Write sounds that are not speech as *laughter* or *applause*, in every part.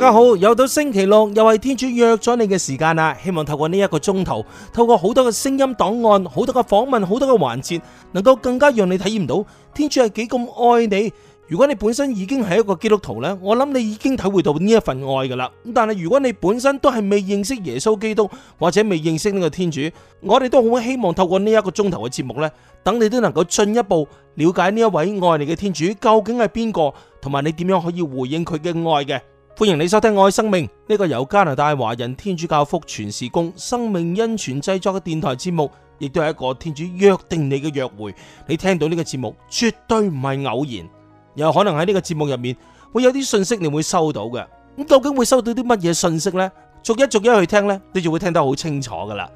大家好，又到星期六，又係天主約咗你嘅時間啦。希望透過呢一個鐘頭，透過好多嘅聲音檔案、好多嘅訪問、好多嘅環節，能夠更加讓你體驗到天主係幾咁愛你。如果你本身已經係一個基督徒呢，我諗你已經體會到呢一份愛噶啦。但係如果你本身都係未認識耶穌基督或者未認識呢個天主，我哋都好希望透過呢一個鐘頭嘅節目呢，等你都能夠進一步了解呢一位愛你嘅天主究竟係邊個，同埋你點樣可以回應佢嘅愛嘅。歡迎你收聽《愛生命》呢個由加拿大華人天主教福傳事工生命恩泉製作嘅電台節目，亦都係一個天主約定你嘅約會。你聽到呢個節目絕對唔係偶然，有可能喺呢個節目入面會有啲信息你會收到嘅。咁究竟會收到啲乜嘢信息呢？逐一逐一去聽呢，你就會聽得好清楚噶啦。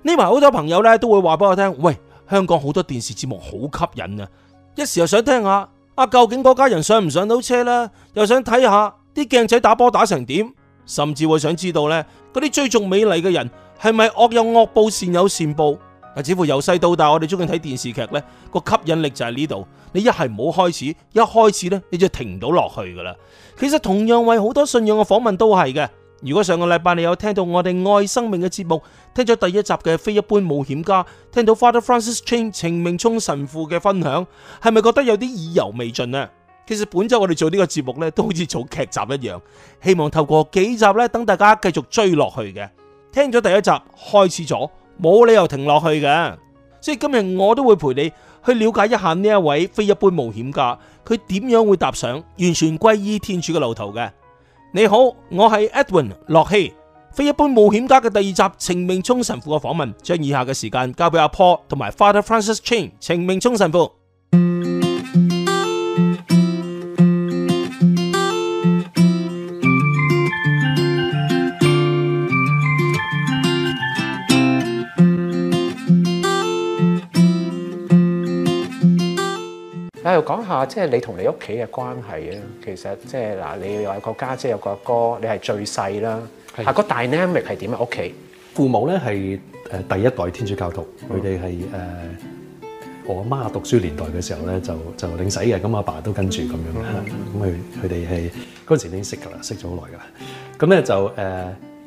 呢排好多朋友呢，都會話俾我聽，喂，香港好多電視節目好吸引啊，一時又想聽下，啊，究竟嗰家人上唔上到車啦？又想睇下。啲鏡仔打波打成點，甚至會想知道呢嗰啲追逐美麗嘅人係咪惡有惡報善有善報？啊，似乎由細到大，我哋中意睇電視劇呢個吸引力就喺呢度。你一係唔好開始，一開始呢你就停唔到落去噶啦。其實同樣為好多信仰嘅訪問都係嘅。如果上個禮拜你有聽到我哋愛生命嘅節目，聽咗第一集嘅非一般冒險家，聽到 Father Francis Chan 程明聰神父嘅分享，係咪覺得有啲意猶未盡呢？其實本周我哋做個節呢個節目咧，都好似做劇集一樣，希望透過幾集咧，等大家繼續追落去嘅。聽咗第一集開始咗，冇理由停落去嘅。所以今日我都會陪你去了解一下呢一位非一般冒險家，佢點樣會踏上完全歸依天主嘅路途嘅。你好，我係 Edwin 洛希。非一般冒險家嘅第二集程明忠神父嘅訪問，將以下嘅時間交俾阿 Paul 同埋 Father Francis Chin 程明忠神父。就講下即係你同你屋企嘅關係啊！其實即係嗱，你有個家姐，有個阿哥，你係最細啦。阿哥大咧係點啊？屋企父母咧係誒第一代天主教徒，佢哋係誒我阿媽讀書年代嘅時候咧就就領洗嘅，咁阿爸都跟住咁樣啦。咁佢佢哋係嗰陣時已經識㗎啦，識咗好耐㗎啦。咁咧就誒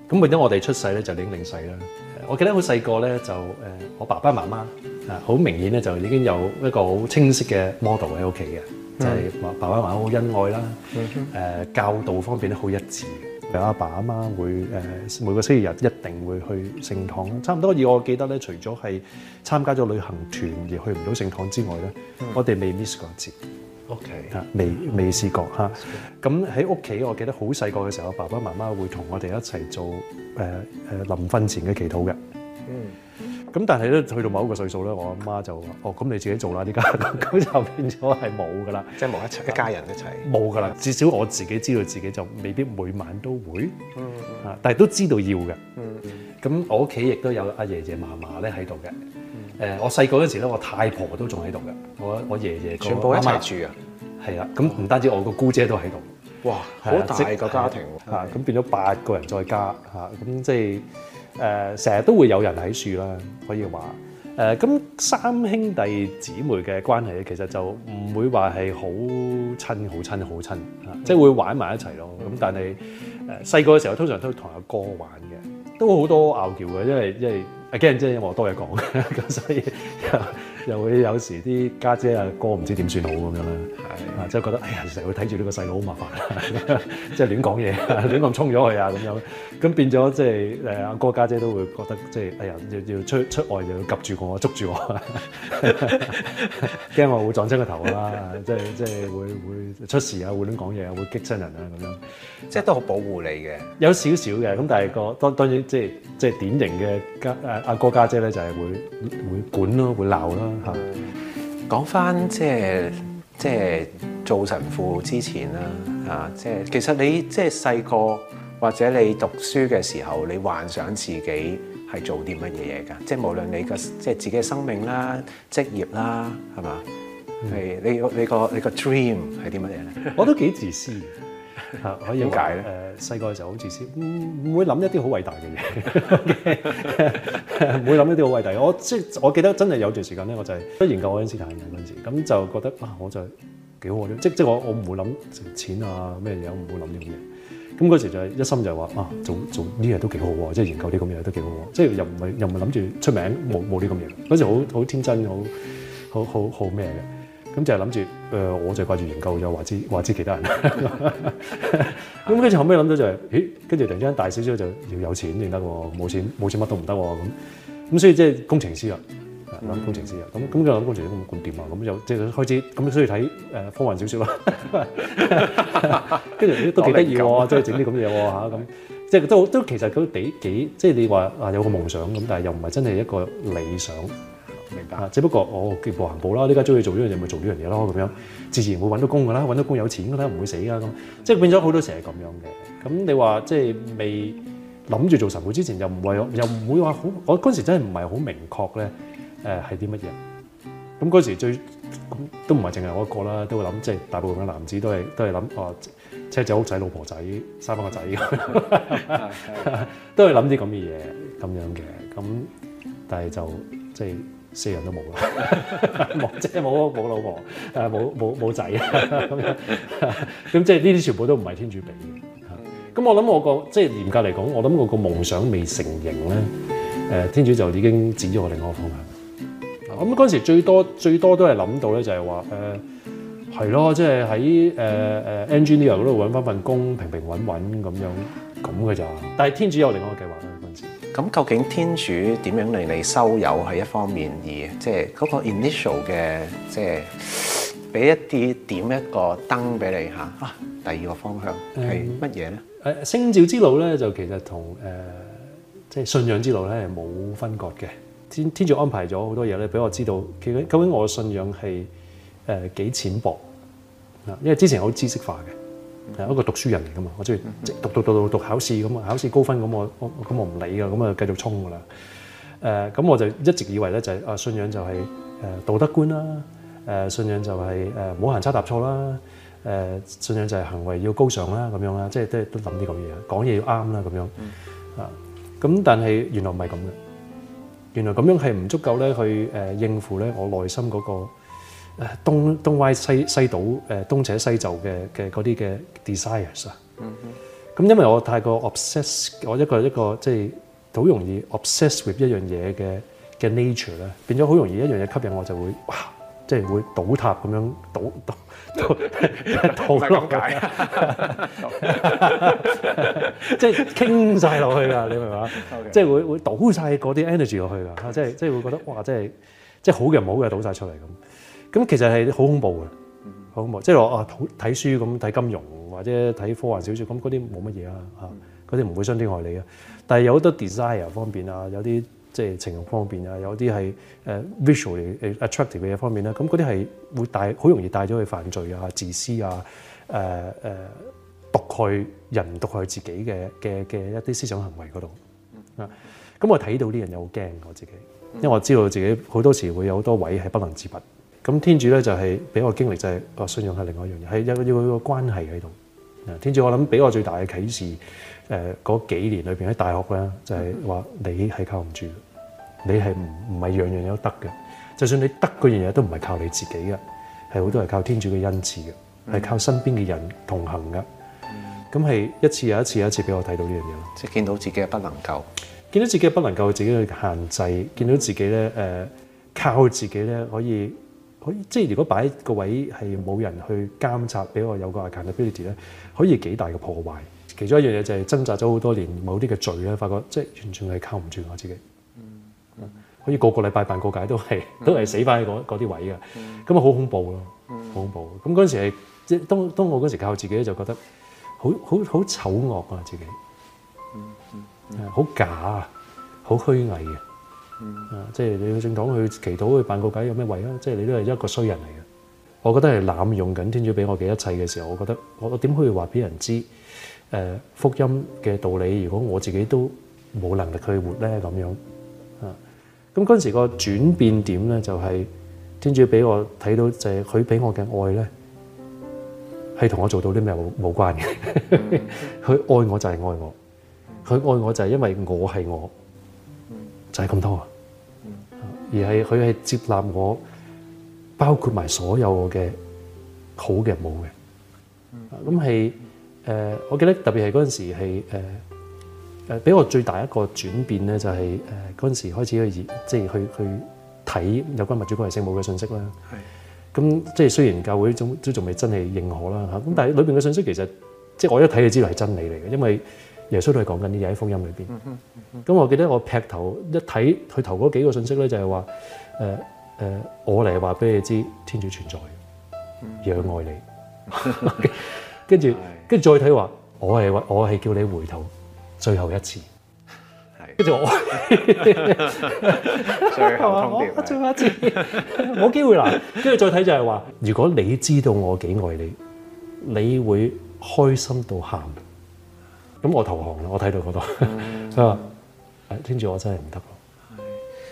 咁，或者我哋出世咧就已經領洗啦。我記得好細個咧就誒我爸爸媽媽。好明顯咧，就已經有一個好清晰嘅 model 喺屋企嘅，就係，話，爸爸媽媽好恩愛啦。誒，教導方面咧好一致。阿爸阿媽，媽會誒每個星期日一定會去聖堂，差唔多。以我記得咧，除咗係參加咗旅行團而去唔到聖堂之外咧、嗯，我哋未 miss 過一次。OK，啊，未未試過吓。咁喺屋企，我記得好細個嘅時候，爸爸媽媽會同我哋一齊做誒誒、呃呃、臨瞓前嘅祈禱嘅。嗯。咁但係咧去到某一個歲數咧，我阿媽就話哦，咁你自己做啦，而家咁就變咗係冇㗎啦，即係冇一齊一家人一齊冇㗎啦。至少我自己知道自己就未必每晚都會，嚇、嗯，但係都知道要嘅。咁、嗯、我屋企亦都有阿爺爺嫲嫲咧喺度嘅。誒、嗯，我細個嗰陣時咧，我太婆都仲喺度嘅。我我爺爺嘅媽媽全部一齊住啊，係啦。咁唔單止我個姑姐都喺度。哇，好大個家庭喎。嚇，咁、okay. 變咗八個人再加嚇，咁即係。誒成日都會有人喺樹啦，可以話誒咁三兄弟姊妹嘅關係其實就唔會話係好親好親好親，即係、就是、會玩埋一齊咯。咁但係誒細個嘅時候，通常都同阿哥、哥玩嘅，都好多拗撬嘅，因為因為 again 即係我多嘢講咁，所以。就會有時啲家姐阿哥唔知點算好咁樣啦，啊即係覺得哎呀，成日會睇住呢個細佬好麻煩，即係亂講嘢、亂咁衝咗佢啊咁樣，咁變咗即係誒阿哥家姐都會覺得即係哎呀，要要出出外就要及住我，捉住我，驚我會撞親個頭啦、啊，即係即係會會出事啊，會亂講嘢啊，會激親人啊咁樣，即係都好保護你嘅，有少少嘅，咁但係個當當然即係即係典型嘅家誒阿哥家姐咧就係會會管咯、啊，會鬧啦、啊。講翻即係即係做神父之前啦，啊、就是，即係其實你即係細個或者你讀書嘅時候，你幻想自己係做啲乜嘢嘢噶？即、就、係、是、無論你嘅即係自己嘅生命啦、職業啦，係嘛？係、嗯、你你個你個 dream 係啲乜嘢咧？我都幾自私。 *laughs* 點解咧？誒，細個嘅時候好自私，唔會諗一啲好偉大嘅嘢。唔 *laughs* *laughs* 會諗一啲好偉大。我即係我記得真係有段時間咧，我就係都研究愛因斯坦嘅嗰陣時，咁就覺得啊，我就幾好啲。即即我我唔會諗錢啊咩嘢，我唔會諗呢咁嘢。咁嗰時就係一心就係話啊，做做呢樣都幾好喎，即係研究啲咁嘢都幾好喎。即係又唔係又唔係諗住出名冇冇啲咁嘢。嗰時好好天真，好好好好咩嘅。咁就係諗住，誒、呃，我就係掛住研究又話知話知其他人。咁跟住後尾諗到就係、是，咦？跟住突然之間大少少就要有錢先得喎，冇錢冇錢乜都唔得喎。咁咁所以即係工程師啦、mm -hmm. 啊呃 *laughs* *laughs* 啊，啊，工程師啦。咁咁就諗工程師咁咁掂啊。咁就即係開始，咁，需要睇誒科幻小說啦。跟住都幾得意喎，即係整啲咁嘢嚇咁。即係都都其實都幾幾，即係你話啊有個夢想咁，但係又唔係真係一個理想，啊！只不過我叫、哦、步行步啦，呢家中意做呢樣嘢咪做呢樣嘢咯，咁樣自然會揾到工噶啦，揾到工有錢噶啦，唔會死噶咁。即係變咗好多時係咁樣嘅。咁你話即係未諗住做神父之前，又唔係又唔會話好。我嗰時真係唔係好明確咧。誒係啲乜嘢？咁嗰時最都唔係淨係我一個啦，都會諗即係大部分嘅男子都係都係諗哦，車仔屋仔、老婆仔、生翻個仔，嗯 *laughs* 嗯嗯、都係諗啲咁嘅嘢咁樣嘅。咁但係就即係。四人都冇啦，即係冇冇老婆，誒冇冇冇仔啊咁樣，咁即係呢啲全部都唔係天主俾嘅。咁 *laughs* *laughs* 我諗我個即係嚴格嚟講，我諗我個夢想未成型咧，誒天主就已經指咗我另外一個方向。咁嗰 *music* 時最多最多都係諗到咧，就係話誒係咯，即、uh, 係喺、uh, 誒誒 engineering 嗰度揾翻份工平平穩穩咁樣，咁嘅咋。但係天主有另外一個計劃。咁究竟天主點樣令你收有係一方面，而即係嗰個 initial 嘅，即係俾一啲點一個燈俾你嚇。啊，第二個方向係乜嘢咧？誒、嗯啊，星照之路咧就其實同誒、呃、即係信仰之路咧係冇分割嘅。天天主安排咗好多嘢咧，俾我知道究竟究竟我嘅信仰係誒幾淺薄啊，因為之前好知識化嘅。係一個讀書人嚟噶嘛？我鍾意讀讀讀讀考試咁啊，考試高分咁我我咁我唔理噶，咁啊繼續衝噶啦。誒咁我就一直以為咧就係啊信仰就係誒道德觀啦，誒信仰就係誒冇行差踏錯啦，誒信仰就係行為要高尚啦咁樣啦，即係都都諗啲咁嘅嘢，講嘢要啱啦咁樣啊。咁但係原來唔係咁嘅，原來咁樣係唔足夠咧去誒應付咧我內心嗰個。誒東東歪西西倒誒東扯西就嘅嘅嗰啲嘅 desires 啊，咁、嗯、因為我太過 obsess，我一個一個即係好容易 obsess with 一樣嘢嘅嘅 nature 咧，變咗好容易一樣嘢吸引我就會哇，即、就、係、是、會倒塌咁樣倒倒倒落嚟，即係 *laughs* *laughs* *laughs* 傾晒落去㗎，你明嗎？即、okay. 係會會倒晒嗰啲 energy 落去㗎，即係即係會覺得哇，即係即係好嘅唔好嘅倒晒出嚟咁。咁其實係好恐怖嘅，好恐怖。即係我啊，睇書咁睇金融，或者睇科幻小説，咁嗰啲冇乜嘢啊，嚇嗰啲唔會傷天害理啊。但係有好多 desire 方面啊，有啲即係情慾方面啊，有啲係誒 visual 誒 attractive 嘅方面咧。咁嗰啲係會帶好容易帶咗去犯罪啊、自私啊、誒誒毒害人、毒害自己嘅嘅嘅一啲思想行為嗰度啊。咁我睇到啲人又好驚我自己，因為我知道自己好多時會有好多位係不能自拔。咁天主咧就係俾我經歷，就係、是、個信任係另外一樣嘢，係有個一個一關係喺度。天主，我諗俾我最大嘅啟示，誒、呃、嗰幾年裏邊喺大學咧，就係、是、話你係靠唔住嘅，你係唔唔係樣樣都有得嘅。就算你得嗰樣嘢，都唔係靠你自己嘅，係好多係靠天主嘅恩賜嘅，係靠身邊嘅人同行嘅。咁係一次又一次又一次俾我睇到呢樣嘢咯，即係見到自己不能夠，見到自己不能夠自己去限制，見到自己咧誒、呃、靠自己咧可以。可以，即係如果擺個位係冇人去監察，俾我有個 accountability 咧，可以幾大嘅破壞。其中一樣嘢就係掙扎咗好多年，某啲嘅罪咧，發覺即係完全係靠唔住我自己。嗯嗯、可以個個禮拜辦告解都係都係死翻喺嗰啲位嘅，咁啊好恐怖咯，好恐怖。咁嗰陣時係即係當當我嗰陣時靠自己咧，就覺得好好好醜惡啊自己，好、嗯嗯、假啊，好虛偽嘅。誒、嗯，即係你去政堂去祈禱去辦個偈，有咩為啊？即係你都係一個衰人嚟嘅。我覺得係濫用緊天主俾我嘅一切嘅時候，我覺得我我點可以話俾人知？誒、呃，福音嘅道理，如果我自己都冇能力去活咧，咁樣啊？咁嗰陣時個轉變點咧，就係天主俾我睇到就係佢俾我嘅愛咧，係同我做到啲咩冇冇關嘅。佢 *laughs* 愛我就係愛我，佢愛我就係因為我係我，就係、是、咁多。而係佢係接納我，包括埋所有我嘅好嘅冇嘅，咁係誒，我記得特別係嗰陣時係誒俾我最大一個轉變咧、就係，就係誒嗰陣時開始去即係去即去睇有關物主關係聖母嘅信息啦。係，咁即係雖然教會總都仲未真係認可啦嚇，咁但係裏邊嘅信息其實即係我一睇就知係真理嚟嘅，因為，耶穌都係講緊啲嘢喺福音裏邊。咁、嗯嗯、我記得我劈頭一睇佢頭嗰幾個信息咧，就係話誒誒，我嚟話俾你知天主存在，仰愛你。跟住跟住再睇話，我係我係叫你回頭最後一次。係跟住我 *laughs* 最後通牒，我我最後一次冇機 *laughs* 會啦。跟 *laughs* 住再睇就係話，如果你知道我幾愛你，你會開心到喊。咁我投降啦，我睇到嗰度，佢、嗯、話： *laughs* 天主，我真係唔得咯。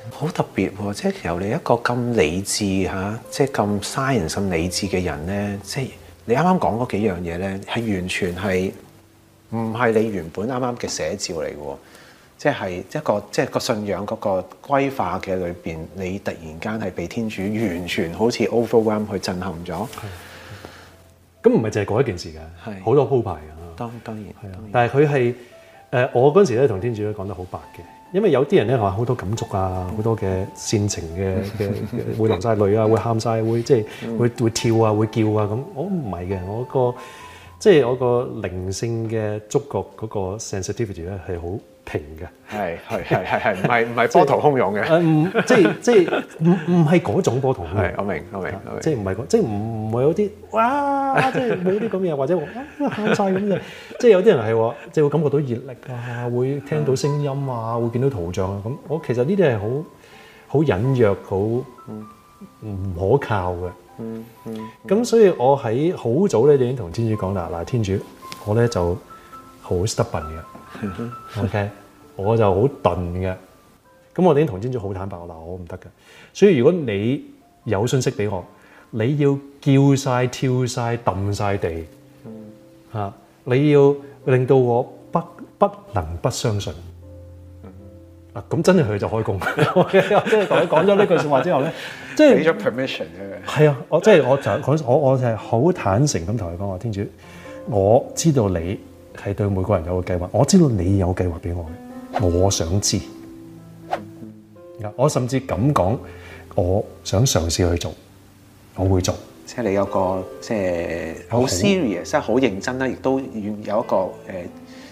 好特別喎，即係由你一個咁理智吓，即係咁 science 咁理智嘅人咧，即係你啱啱講嗰幾樣嘢咧，係完全係唔係你原本啱啱嘅寫照嚟嘅？即係一個即係個信仰個歸化嘅裏邊，你突然間係被天主完全好似 overwhelm 去震撼咗。咁唔係淨係嗰一件事，係好多鋪排啊。當然係啊，但係佢係誒，我嗰陣時咧同天主咧講得好白嘅，因為有啲人咧話好多感觸啊，好、嗯、多嘅煽情嘅嘅、嗯、會流晒淚啊，嗯、會喊晒，會即係、嗯、會會跳啊，會叫啊咁，我唔係嘅，我、嗰個。即係我個靈性嘅觸覺嗰個 sensitivity 咧係好平嘅， *laughs* 係係係係係唔係唔係波濤洶湧嘅，嗯即係即係唔唔係嗰種波濤洶湧嘅，我明我明,我明，即係唔係即係唔會有啲哇即係冇啲咁嘅， *laughs* 或者喊晒咁嘅，即係有啲人係話即係會感覺到熱力啊，會聽到聲音啊， *laughs* 會見到圖像啊咁，我其實呢啲係好好隱約好唔可靠嘅。嗯，咁、嗯嗯、所以我喺好早咧你已經同天主講啦，嗱天主，我咧就好 stubborn 嘅、嗯嗯、OK，我就好鈍嘅，咁我已經同天主好坦白，嗱我唔得嘅，所以如果你有信息俾我，你要叫晒跳晒揼晒地，吓、嗯，你要令到我不不能不相信。咁、啊、真係佢就開工了。即係同你講咗呢句説話之後咧，即係俾咗 permission 嘅。係啊，我即係 *laughs* 我，我，我，我就係講，我我係好坦誠咁同佢講話。天主，我知道你係對每個人有個計劃，我知道你有計劃俾我嘅，我想知道。我甚至噉講，我想嘗試去做，我會做。即係你有個即係好 serious，即係好認真啦，亦都有一個誒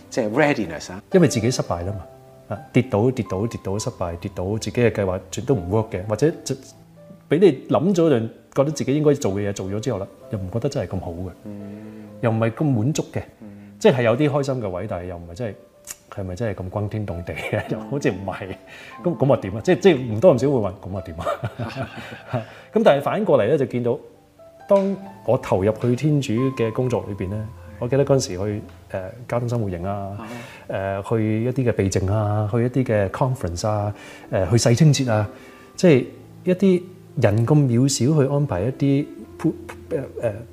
即係 readiness 啊。因為自己失敗啦嘛。啊！跌倒、跌倒、跌倒，失敗，跌倒，自己嘅計劃全部都唔 work 嘅，或者就俾你諗咗樣，覺得自己應該做嘅嘢做咗之後啦，又唔覺得真係咁好嘅，又唔係咁滿足嘅、嗯，即係有啲開心嘅位，但係，又唔係真係，係咪真係咁轟天動地嘅、嗯？又好似唔係，咁咁又點啊？即即唔多唔少會話，咁又點啊？咁 *laughs* 但係反過嚟咧，就見到當我投入去天主嘅工作裏邊咧。我記得嗰陣時去誒交通生活營啊，誒、呃、去一啲嘅避靜啊，去一啲嘅 conference 啊，誒、呃、去世青節啊，即、就、係、是、一啲人咁渺小去安排一啲誒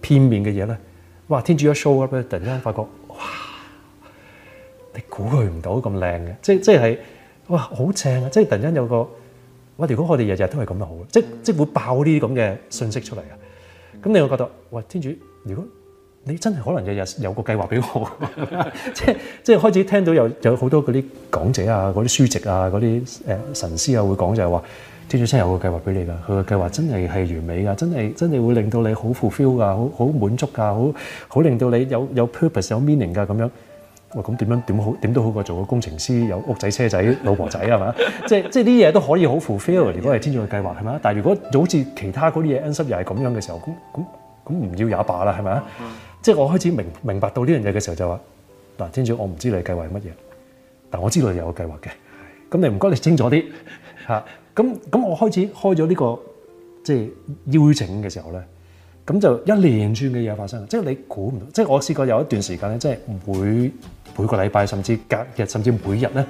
片面嘅嘢咧。哇！天主一 show up 咧，突然間發覺哇，你估佢唔到咁靚嘅，即即係哇好正啊！即係突然間有個哇，如果我哋日日都係咁就好啦，即即會爆呢啲咁嘅信息出嚟啊！咁你會覺得喂天主，如果？你真係可能日日有個計劃俾我 *laughs* 即，即係即係開始聽到有有好多嗰啲講者啊、嗰啲書籍啊、嗰啲誒神師啊會講就係話天主真有個計劃俾你㗎，佢個計劃真係係完美㗎，真係真係會令到你好 fulfill 㗎，好好滿足㗎，好好令到你有有 purpose 有 meaning 㗎咁樣。喂，咁點樣點好點都好過做個工程師有屋仔車仔老婆仔係嘛？ *laughs* 即係即係啲嘢都可以好 fulfill，如果係天主嘅計劃係咪？但係如果好似其他嗰啲嘢 end up 又係咁樣嘅時候，咁咁咁唔要也罷啦係咪？是吧，嗯即係我開始明白明白到呢樣嘢嘅時候就話嗱，天主我唔知你計劃係乜嘢，但我知道你有個計劃嘅。咁你唔該你清楚啲嚇。咁 *laughs* 咁我開始開咗呢、這個即係邀請嘅時候咧，咁就一連串嘅嘢發生。即係你估唔到，即係我試過有一段時間咧，即係每每個禮拜甚至隔日甚至每日咧，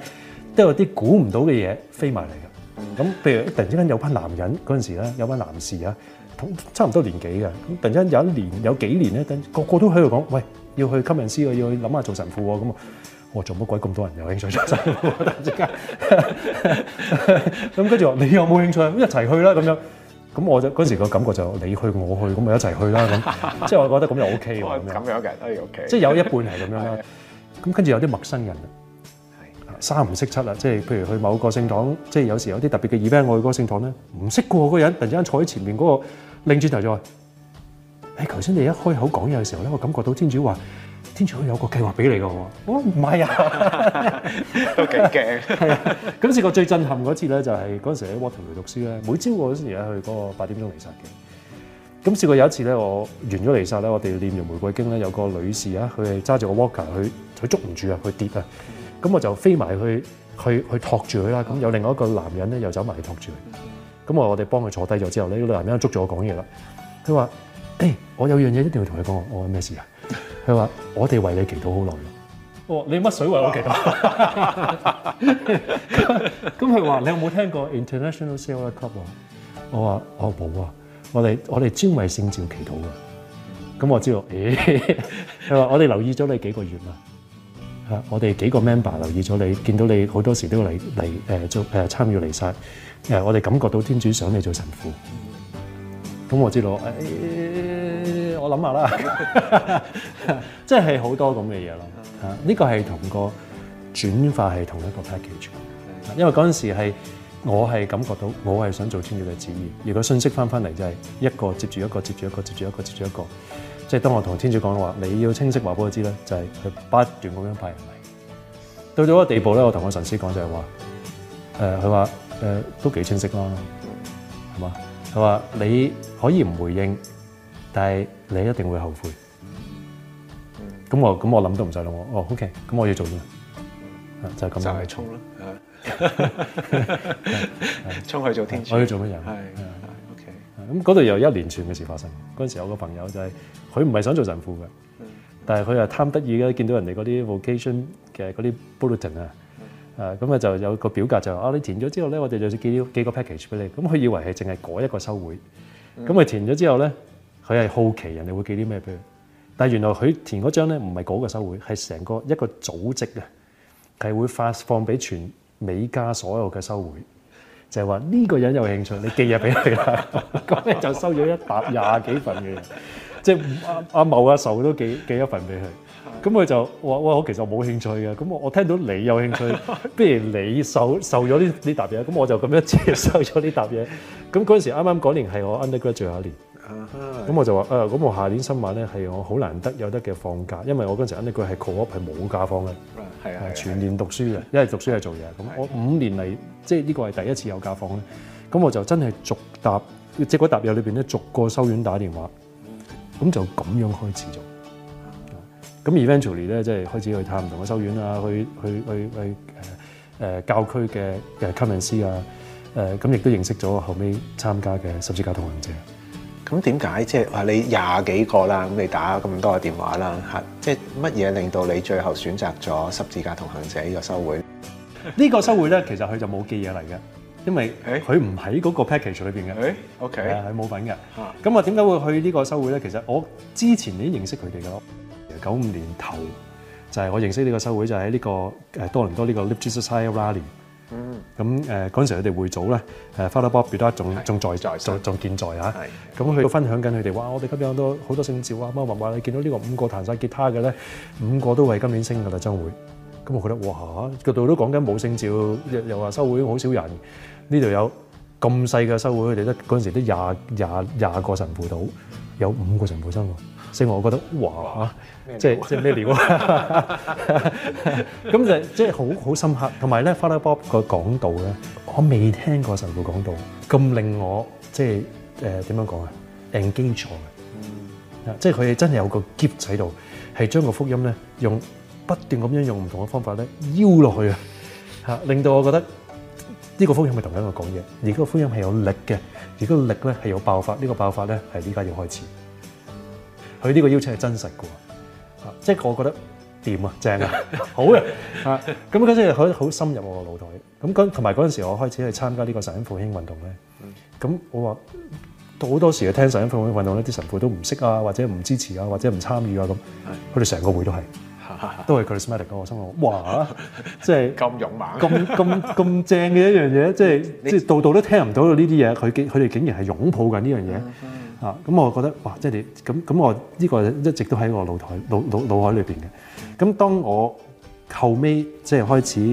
都有啲估唔到嘅嘢飛埋嚟嘅。咁譬如突然之間有班男人嗰陣時咧，有班男士啊。差唔多年紀嘅，咁突然間有一年有幾年咧，個個都喺度講，喂，要去吸引師，我要去諗下做神父喎。咁、嗯、我做乜鬼咁多人有興趣做神父？突然之間，咁跟住話：你有冇興趣？咁一齊去啦咁樣。咁我就嗰時個感覺就是、你去我去，咁咪一齊去啦咁。嗯、 *laughs* 即係我覺得咁又 OK 喎。 *laughs* 咁樣嘅，O K。即、就、係、是、有一半係咁樣啦。咁跟住有啲陌生人，三唔識七啦。即係譬如去某個聖堂，即係有時有啲特別嘅，而家我去嗰個聖堂咧，唔識過個人，突然間坐喺前面嗰、那個。擰轉頭再話：，誒、哎，頭先你一開口講嘢嘅時候咧，我感覺到天主話：，天主有個計劃俾你嘅喎。我唔係、哦、啊，都幾驚。係 *laughs* 啊，咁試過最震撼嗰次咧、就是，就係嗰陣時喺 Watertown 讀書咧，每朝我先時咧去嗰個八點鐘彌撒嘅。咁試過有一次咧，我完咗彌撒咧，我哋要念完玫瑰經咧，有個女士啊，佢揸住個 walker，佢佢捉唔住啊，佢跌啊，咁我就飛埋去去去托住佢啦。咁有另外一個男人咧，又走埋去托住佢。咁我我哋幫佢坐低咗之後呢、呢個男人捉住我講嘢啦。佢話：，誒、hey,，我有樣嘢一定要同佢講，我有咩事啊？佢話：我哋為你祈禱好耐啦。我話：你乜水為我祈禱？咁佢話：你有冇聽過 International Sales Club？我話：我冇啊、oh,。我哋我哋專為聖召祈禱嘅。咁我知道，誒，佢、哎、話： *laughs* 我哋留意咗你幾個月啦。啊，我哋幾個 member 留意咗你，見到你好多時都嚟嚟誒做誒參與嚟晒。欸欸我哋感覺到天主想你做神父，咁我知道，哎、我諗下啦，即係好多咁嘅嘢咯。呢、呢個係同個轉化係同一個 package，因為嗰陣時係我係感覺到我係想做天主嘅旨意。如果信息翻翻嚟就係、是、一個接住一個接住一個接住一個接住一個，即係當我同天主講話，你要清晰話俾我知咧，就係佢不斷咁樣派人嚟。到咗一個地步咧，我同我神師講就係話佢話。呃誒，都幾清晰咯，係嘛？佢話你可以唔回應，但係你一定會後悔。咁我咁我諗都唔使諗啦，我哦，OK，咁我要做咩？啊，就係咁。就係衝啦，衝去做天主。我要做乜嘢？係 OK。咁嗰度又一連串嘅事發生。嗰陣時有個朋友就係，佢唔係想做神父嘅，但係佢又貪得意嘅，見到人哋嗰啲 vocation 嘅嗰啲 bulletin 啊。誒咁啊， *music* 就有個表格就啊，是，你填咗之後咧，我哋就寄啲寄個 package 俾你。咁佢以為係淨係嗰一個收會，咁、嗯、佢填咗之後咧，佢係好奇人哋會寄啲咩俾佢。但係原來佢填嗰張咧，唔係嗰個收會，係成個一個組織啊，係會發放俾全美加所有嘅收會，就係話呢個人有興趣，你寄入俾佢啦。咁 *laughs* 咧就收咗一沓廿幾份嘅，即、就、係、是、阿茂阿阿壽都寄寄一份俾佢。咁、嗯、佢就話：喂，我其實冇興趣嘅，咁我我聽到你有興趣， *laughs* 不如你受受咗呢呢沓嘢，咁我就咁樣接受咗呢沓嘢。咁嗰陣時啱啱嗰年係我 undergraduate 最後一年，咁、uh-huh，我就話：誒，咁、啊、我下年新晝咧係我好難得有得嘅放假，因為我嗰陣時 undergrad 係冇假放嘅，全年讀書嘅，因係讀書係做嘢。咁我五年嚟即係呢個係第一次有假放咧，咁我就真係逐搭，即嗰沓嘢裏邊咧逐個收院打電話，咁就咁樣開始咗。咁 eventually 咧，即係開始去探唔同嘅修院啊，去去去去誒誒教區嘅嘅 come and see 啊，誒咁亦都認識咗後尾參加嘅十字架同行者。咁點解即係話你廿幾個啦，咁你打咁多嘅電話啦，嚇、啊，即係乜嘢令到你最後選擇咗十字架同行者呢個修會？呢、這個修會咧，其實佢就冇寄嘢嚟嘅，因為佢唔喺嗰個 package 裏邊嘅，OK，係冇份嘅。咁啊，點解會去呢個修會咧？其實我之前已經認識佢哋㗎咯。九五年頭就係我認識呢個修會，就喺呢個誒多倫多呢個 Lipjusian Valley。嗯。咁誒嗰陣時佢哋會組咧，誒 Father Bob Bida 仲仲在在，仲仲健在嚇。係。咁佢都分享緊佢哋話：我哋今日都好多聖召啊！乜話話你見到呢個五個彈曬吉他嘅咧，五個都係今年升㗎啦，將會。咁我覺得哇嚇，個度都講緊冇聖召，又又話修會好少人。呢度有咁細嘅修會，佢哋得嗰陣時得廿廿廿個神父度，有五個神父生喎。所以我覺得哇，即係即係咩料啊！咁就即係好好深刻。同埋咧，Father Bob 個講道咧，我未聽過神父的講道咁令我即係誒點樣講啊？Engage、嗯、啊！即係佢真係有個 heat 喺度，係將個福音咧用，用不斷咁樣用唔同嘅方法咧喆落去啊！嚇，令到我覺得呢個福音係同緊我講嘢，而個福音係有力嘅，而個力咧係有爆發，呢、這個爆發咧係呢家要開始。佢呢個邀請係真實嘅喎，即係我覺得掂啊，正啊，好嘅，啊，咁 *laughs* 佢、啊、真係好好深入我個腦袋。咁同埋嗰陣時，我開始去參加呢個神恩復興運動咧。咁、嗯、我話好多時去聽神恩復興運動咧，啲神父都唔識啊，或者唔支持啊，或者唔參與啊咁，佢哋成個會都係， *laughs* 都係 charismatic 我心諗，哇！即係咁勇猛，咁咁咁正嘅一樣嘢，即係即係度度都聽唔到呢啲嘢，佢佢哋竟然係擁抱緊呢樣嘢。 *laughs* 啊！咁我覺得哇，即係你咁咁，我呢、這個一直都喺我腦台、腦腦腦海裏邊嘅。咁當我後尾即係開始誒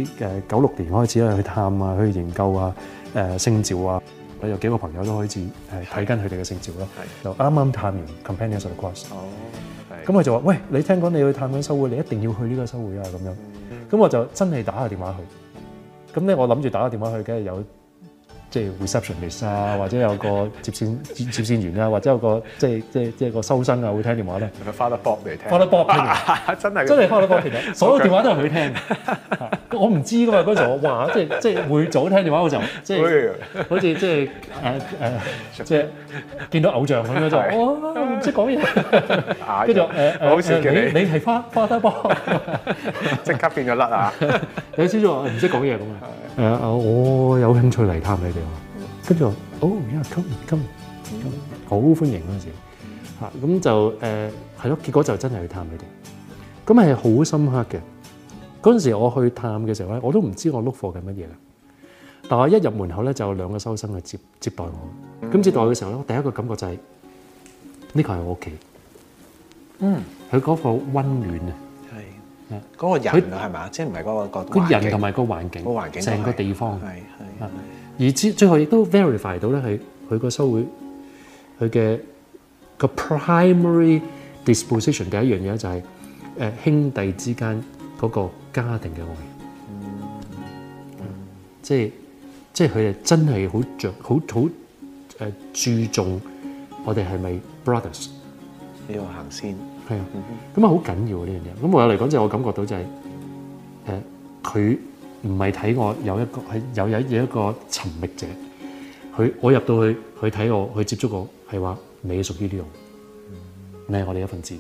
九六年開始去探啊，去研究啊，誒、呃、聖召啊，我有幾個朋友都開始誒睇緊佢哋嘅聖召咧。就啱啱探完 Companions of the Cross 哦，係。咁佢就話，喂，你聽講你去探緊修會，你一定要去呢個修會啊！咁樣。咁我就真係打下電話去。咁咧，我諗住打下電話去，梗係有。即、就、係、是、receptionist 啊，或者有個接線接線員啊，或者有個即係即係即係個收生啊，會聽電話咧。係咪 Father Bob 聽？Father Bob、啊啊啊、真係真係 Father Bob 其實所有電話都係佢聽。 *laughs* 我唔知噶嘛嗰陣，那時候我話 *laughs* 即係即係會早聽電話我就即係好似即係誒誒，即係、 *laughs* 啊啊、見到偶像咁樣就我唔識講嘢，跟住誒誒，你你係花花得波，即、 *laughs* 啊、刻變咗甩啊！有少少話唔識講嘢咁啊。 *laughs* 啊，我有興趣嚟探你哋。跟住話，哦，有人 come come come，好歡迎嗰陣時嚇，咁就誒係咯，結果就真係去探佢哋，咁係好深刻嘅。嗰陣時我去探嘅時候咧，我都唔知我碌貨緊乜嘢嘅。但係我一入門口咧，就有兩個修生嚟接接待我。咁接待嘅時候咧，我第一個感覺就係呢個係我屋企。嗯，佢嗰個溫暖啊，係啊，嗰個人啊，係嘛？即係唔係嗰個個個人同埋個環境，個環境成個地方係係。而之最後亦都 verify 到咧，係佢個修會佢嘅個 primary disposition 嘅一樣嘢就係誒兄弟之間嗰個家庭嘅愛，即係即係佢哋真係好著好好誒注重我哋係咪 brothers？你話行先，係啊，咁啊好緊要啊呢樣嘢。咁我有嚟講就我感覺到就係誒佢。唔係睇我有一個係有有一個尋覓者，佢我入到去去睇我去接觸我係話你屬於呢個，你係我哋一份子。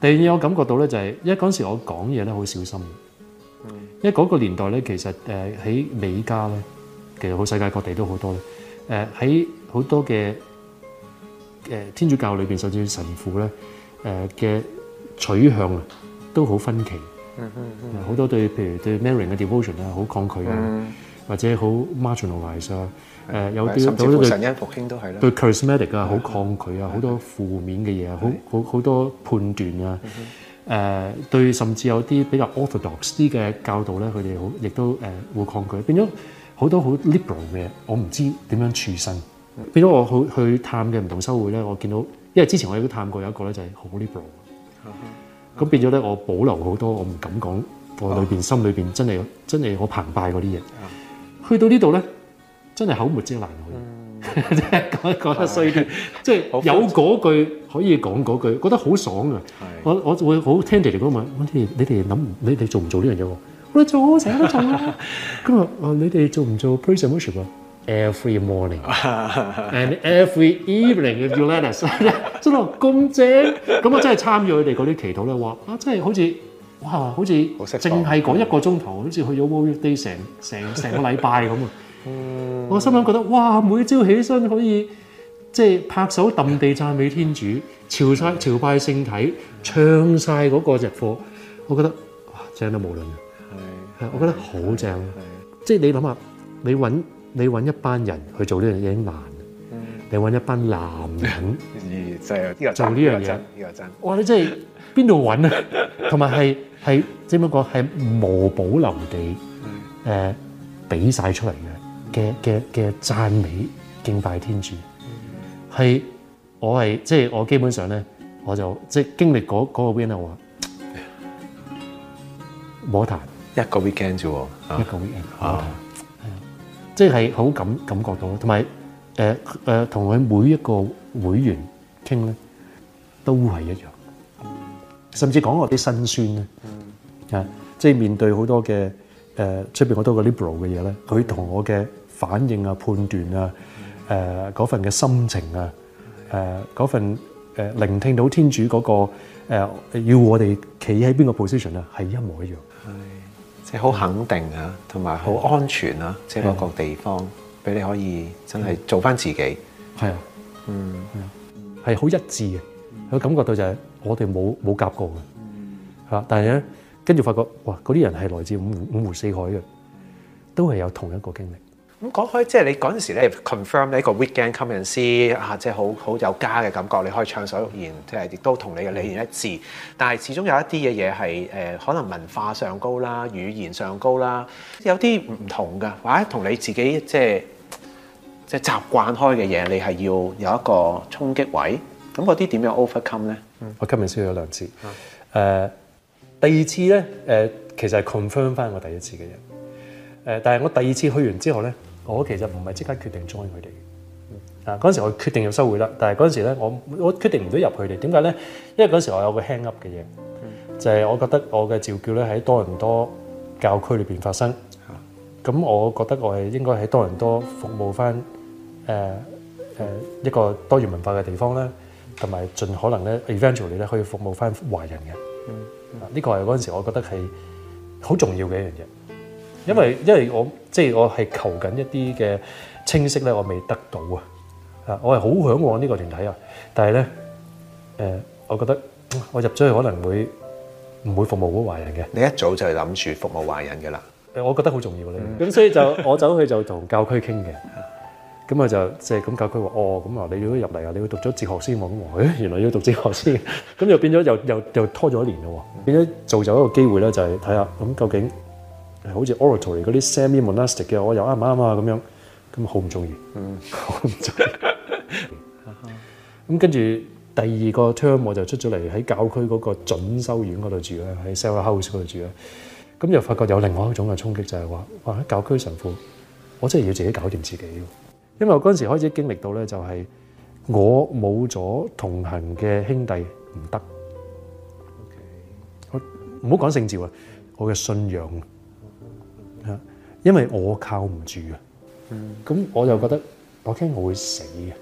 第二我感覺到咧就係、是，因為嗰陣時我講嘢咧好小心嘅，因為嗰個年代咧其實誒喺美加咧，其實好世界各地都好多咧，誒喺好多嘅誒天主教裏邊甚至神父咧誒嘅取向啊都好分歧。嗯、mm、好 -hmm, mm -hmm. 多對譬如對 marriage 嘅 devotion 啊，好抗拒啊，mm -hmm. 或者好 marginalize 啊，誒有啲對神恩、呃、很對復興都係啦，對 charismatic 啊好抗拒啊，好、mm -hmm. 多負面嘅嘢，好好好多判斷啊，誒、mm、對 -hmm. 呃，甚至有啲比較 orthodox 嘅教導咧，佢哋好亦都誒會抗拒，變咗好多好 liberal 嘅嘢，我唔知點樣處身。變、mm、咗 -hmm. 我去去探嘅唔同修會咧，我見到，因為之前我亦都探過有一個咧就係好 liberal。Mm -hmm. 咁變咗咧，我保留好多我不我，我唔敢講，我裏邊心裏邊真係真係好澎湃嗰啲嘢。Yeah. 去到呢度咧，真係口沫遮攔佢，即係講一講得衰啲，即 *laughs* 係 *laughs* 有嗰句可以講嗰句，覺得好爽啊！ *laughs* 我我會好聽哋嚟講問，我哋你哋諗，你哋做唔做呢樣嘢？ *laughs* 我哋做，成日都做啦。咁 *laughs* 啊，你哋做唔做 praise and worship 啊？Every morning and every evening, if you let us. *laughs* 真咯，咁正，咁我真係參與佢哋嗰啲祈禱咧，話啊，真係好似哇，好似淨係講一個鐘頭、嗯，好似去咗 worship day 成成成個禮拜咁啊！我心諗覺得哇，每朝起身可以即係、就是、拍手揼地讚美天主，朝拜朝拜聖體，唱晒嗰個日課，我覺得哇，正到無倫，係我覺得好正，啊。即係、就是、你諗下，你揾你揾一班人去做呢樣嘢已經難。你揾一班男人這，這真做呢樣嘢。哇！你真係邊度揾啊？同埋係係，只麼講係無保留地誒，俾、呃、晒出嚟嘅嘅嘅嘅讚美敬拜天主。係我係即係我基本上咧，我就即係、就是、經歷嗰嗰個 weekend 冇彈一個 weekend 啫、啊，一個 weekend 冇彈，即係好感感覺到，同埋。誒、呃、誒，同、呃、佢每一個會員傾咧，都係一樣。甚至講我啲辛酸咧、嗯，啊，即、就、係、是、面對好多嘅誒出邊好多個 liberal 嘅嘢咧，佢同我嘅反應啊、判斷啊、誒、呃、嗰份嘅心情啊、誒、呃、嗰份誒、呃、聆聽到天主嗰、那個、呃、要我哋企喺邊個 position 啊，係一模一樣。係，即係好肯定啊，同埋好安全啊，即係嗰個地方。俾你可以真係做翻自己，嗯，係啊，嗯，係好一致嘅，我感覺到就係我哋冇冇夾過嘅嚇，但係咧跟住發覺哇，嗰啲人係來自五湖五湖四海嘅，都係有同一個經歷。咁講開，即係你嗰陣時咧 confirm 呢一個 weekend come and see 啊，即係好好有家嘅感覺，你可以暢所欲言，即係亦都同你嘅理念一致。嗯、但係始終有一啲嘅嘢係誒，可能文化上高啦，語言上高啦，有啲唔同嘅，或者，同你自己即係。即係習慣開嘅嘢，你係要有一個衝擊位，咁嗰啲點樣 overcome 咧？我今日輸咗兩次，誒、呃，第二次咧，誒、呃，其實係 confirm 翻我第一次嘅嘢，誒、呃，但係我第二次去完之後咧，我其實唔係即刻決定 join 佢哋，啊，嗰陣時我決定要收會啦，但係嗰陣時咧，我我決定唔到入佢哋，點解咧？因為嗰陣時我有個 hang up 嘅嘢，就係、是、我覺得我嘅召叫咧喺多倫多教區裏邊發生。咁我覺得我係應該喺多倫多服務翻，誒誒，一個多元文化嘅地方咧，同埋盡可能咧，eventually 咧可以服務翻華人嘅。嗯，呢個係嗰陣時我覺得係好重要嘅一樣嘢，因為因為我即係我係求緊一啲嘅清晰咧，我未得到啊！啊，我係好嚮往呢個團體啊，但係咧誒，我覺得我入咗去可能會唔會服務到華人嘅？你一早就係諗住服務華人嘅啦。我覺得好重要咧，啊，咁，這個嗯、所以就我走去就同教區傾嘅，咁 *laughs* 啊就即係咁教區話哦，咁啊你如果入嚟啊，你去讀咗哲學先喎，咁原來要讀哲學先，咁 *laughs* 又變咗又又又拖咗一年咯喎，變、嗯、咗做咗一個機會咧，就係睇下咁究竟好似 Oratory 嗰啲 semi-monastic 嘅，我又啱唔啱啊咁樣，咁好唔中意，嗯，我唔中意。咁跟住第二個 term 我就出咗嚟喺教區嗰個準修院嗰度住啦，喺 Cell House 嗰度住啦。咁又發覺有另外一種嘅衝擊，就係話：哇！喺教區神父，我真係要自己搞掂自己。因為我嗰陣時開始經歷到咧，就係我冇咗同行嘅兄弟唔得，我唔好講聖召啊，我嘅信仰嚇，因為我靠唔住啊。咁我就覺得，我驚我會死嘅。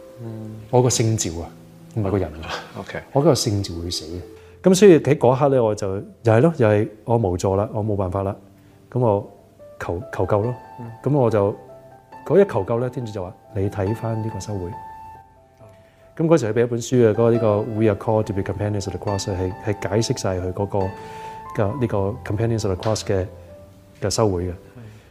我個聖召啊，唔係個人啊。我個聖召會死嘅。咁所以喺嗰一刻咧，我就又係咯，又係我無助啦，我冇辦法啦，咁我求求救咯。咁我就嗰一求救咧，天主就話：你睇翻呢個修會。咁嗰時佢俾一本書啊，嗰個呢個 We Are Called to Be Companions of the Cross 係係解釋曬佢嗰個嘅呢個 Companions of the Cross 嘅嘅修會嘅。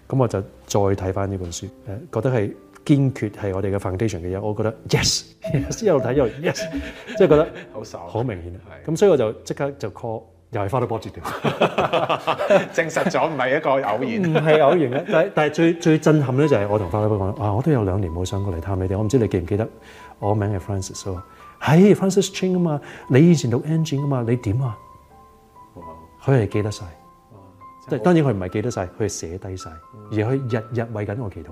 咁我就再睇翻呢本書，誒覺得係。堅決係我哋嘅 foundation 嘅嘢，我覺得 yes，一路睇一路 yes，即係覺得好受，好明顯。咁所以我就即刻就 call，又係花都波接電話，證實咗唔係一個偶然。唔係偶然嘅，但係但係最最震撼咧就係我同花都波講啊，我都有兩年冇上過嚟探你哋，我唔知你記唔記得，我名係 Francis 喎，係 Francis Chan 啊嘛，你以前讀 Engine 啊嘛，你點啊？佢係記得曬，即係當然佢唔係記得曬，佢係寫低曬，而佢日日為緊我祈禱。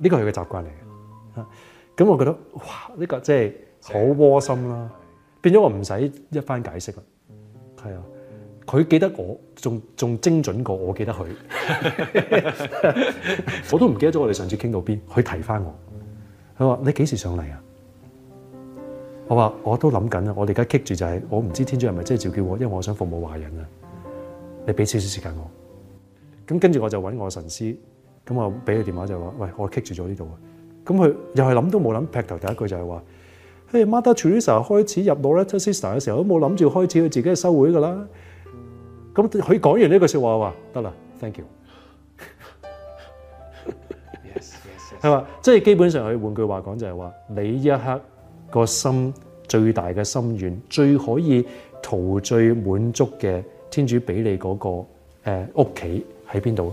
呢個係佢嘅習慣嚟嘅，咁我覺得哇，呢個真係好窩心啦，變咗我唔使一番解釋啦，係啊，佢記得我，仲仲精準過我記得佢、 *laughs* *laughs* 啊，我都唔記得咗我哋上次傾到邊，佢提翻我，佢話，你幾時上嚟啊？我話我都諗緊啊，我哋而家棘住就係我唔知天主係咪真係召叫我，因為我想服務華人啊，你俾少少時間我，咁跟住我就揾我神師。咁我俾佢電話就話，喂，我棘住咗呢度啊！咁佢又係諗都冇諗，劈頭第一句就係話，嘿，hey，Mother Teresa 開始入 Loretto Sister 嘅時候，都冇諗住開始佢自己嘅修會噶啦。咁佢講完呢句説話話，得啦，Thank you。係嘛，即係基本上佢換句話講就係話，你一刻個心最大嘅心願，最可以陶醉、最滿足嘅天主俾你嗰個呃、屋企喺邊度？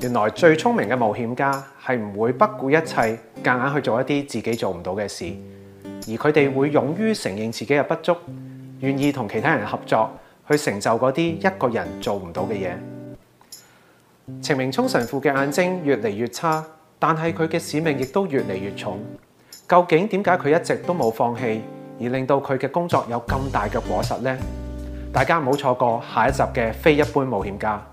原來最聰明嘅冒險家係唔會不顧一切，夾硬去做一啲自己做唔到嘅事，而佢哋會勇於承認自己嘅不足，願意同其他人合作，去成就嗰啲一個人做唔到嘅嘢。程明聰神父嘅眼睛越嚟越差，但係佢嘅使命亦都越嚟越重。究竟點解佢一直都冇放棄，而令到佢嘅工作有咁大嘅果實呢？大家唔好錯過下一集嘅非一般冒險家。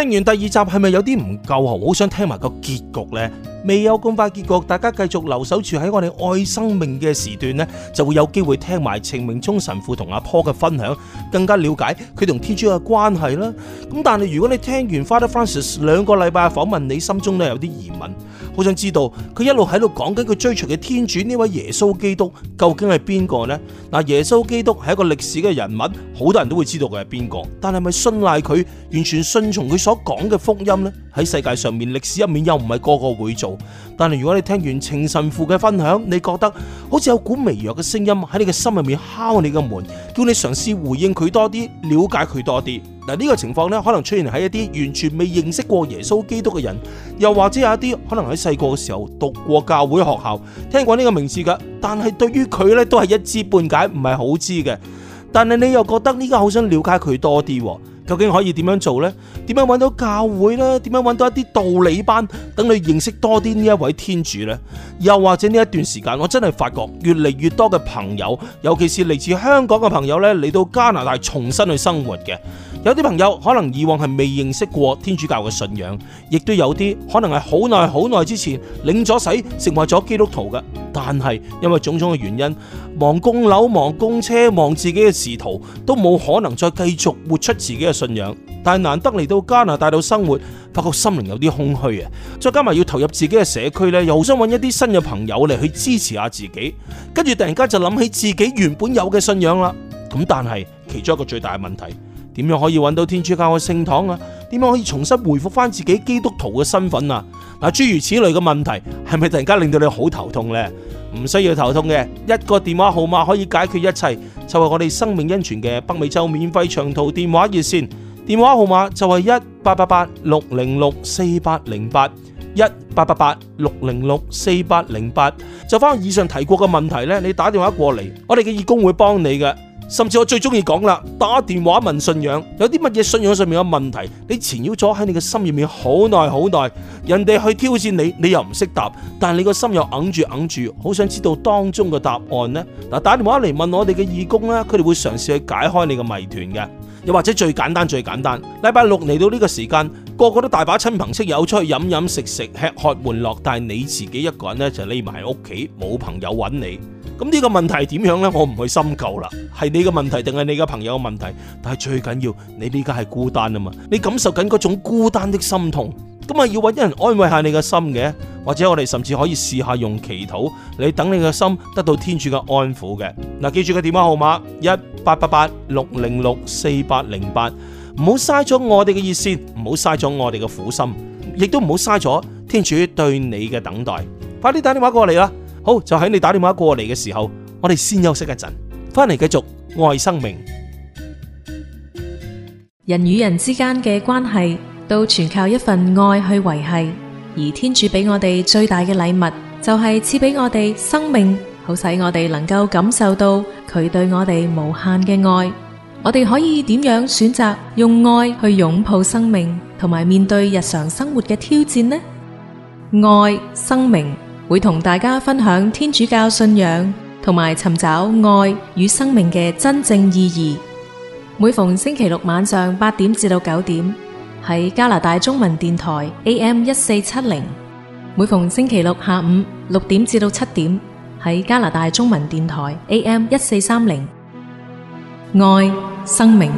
聽完第二集，係咪有啲唔夠喉？好想聽埋個結局咧。未有咁快結局，大家繼續留守住喺我哋愛生命嘅時段呢就會有機會聽埋程明忠神父同阿坡嘅分享，更加了解佢同天主嘅關係啦。咁但係如果你聽完 Father Francis 兩個禮拜訪問，你心中都有啲疑問，好想知道佢一路喺度講緊佢追隨嘅天主呢位耶穌基督究竟係邊個呢？嗱，耶穌基督係一個歷史嘅人物，好多人都會知道佢係邊個，但係咪信賴佢，完全信從佢所講嘅福音呢？喺世界上面歷史一面，又唔係個個會做。但係如果你聽完情神父嘅分享，你覺得好似有股微弱嘅聲音喺你嘅心入面敲你嘅門，叫你嘗試回應佢多啲，了解佢多啲。嗱、這、呢個情況呢，可能出現喺一啲完全未認識過耶穌基督嘅人，又或者有一啲可能喺細個嘅時候讀過教會學校，聽過呢個名字噶，但係對於佢呢，都係一知半解，唔係好知嘅。但係你又覺得呢家好想了解佢多啲喎。究竟可以點樣做咧？點樣揾到教會咧？點樣揾到一啲道理班，等你認識多啲呢一位天主咧？又或者呢一段時間，我真係發覺越嚟越多嘅朋友，尤其是嚟自香港嘅朋友咧，嚟到加拿大重新去生活嘅。有啲朋友可能以往係未認識過天主教嘅信仰，亦都有啲可能係好耐好耐之前領咗洗成為咗基督徒嘅，但係因為種種嘅原因，忙供樓、忙供車、忙自己嘅仕途，都冇可能再繼續活出自己嘅。信仰，但係難得嚟到加拿大度生活，發覺心靈有啲空虛啊！再加埋要投入自己嘅社區咧，又好想揾一啲新嘅朋友嚟去支持下自己，跟住突然間就諗起自己原本有嘅信仰啦。咁但係其中一個最大嘅問題，點樣可以揾到天主教嘅聖堂啊？點樣可以重新回復翻自己基督徒嘅身份啊？嗱，諸如此類嘅問題，係咪突然間令到你好頭痛呢？唔需要頭痛嘅，一個電話號碼可以解決一切，就係、是、我哋生命恩泉嘅北美洲免費長途電話熱線，電話號碼就係一八八八六零六四八零八一八八八六零六四八零八，就翻，以上提過嘅問題呢，你打電話過嚟，我哋嘅義工會幫你嘅。甚至我最中意講啦，打電話問信仰，有啲乜嘢信仰上面嘅問題，你纏繞咗喺你嘅心入面好耐好耐，人哋去挑戰你，你又唔識答，但係你個心又揞住揞住，好想知道當中嘅答案呢。嗱，打電話嚟問我哋嘅義工咧，佢哋會嘗試去解開你嘅謎團嘅，又或者最簡單最簡單，禮拜六嚟到呢個時間，個個都大把親朋戚友出去飲飲食食，吃喝玩樂，但係你自己一個人咧就匿埋屋企，冇朋友揾你。咁、這、呢個問題點樣呢？我唔去深究啦。係你嘅問題定係你嘅朋友嘅問題？但係最緊要你呢家係孤單啊嘛，你感受緊嗰種孤單的心痛，咁啊要揾啲人安慰下你嘅心嘅，或者我哋甚至可以試下用祈禱，你等你嘅心得到天主嘅安撫嘅。嗱，記住個電話號碼一八八八六零六四八零八，唔好嘥咗我哋嘅熱線，唔好嘥咗我哋嘅苦心，亦都唔好嘥咗天主對你嘅等待。快啲打電話過嚟啦！好，就喺你打電話過嚟嘅時候，我哋先休息一陣，翻嚟繼續愛生命。人與人之間嘅關係，都全靠一份愛去維繫。而天主俾我哋最大嘅禮物，就係賜俾我哋生命，好使我哋能夠感受到佢對我哋無限嘅愛。我哋可以點樣選擇用愛去擁抱生命，同埋面對日常生活嘅挑戰呢？愛生命。會同大家分享天主教信仰同埋尋找愛與生命嘅真正意義。每逢星期六晚上八點至到九點喺加拿大中文電台 AM1470；每逢星期六下午六點至到七點喺加拿大中文電台 AM1430。愛，生命。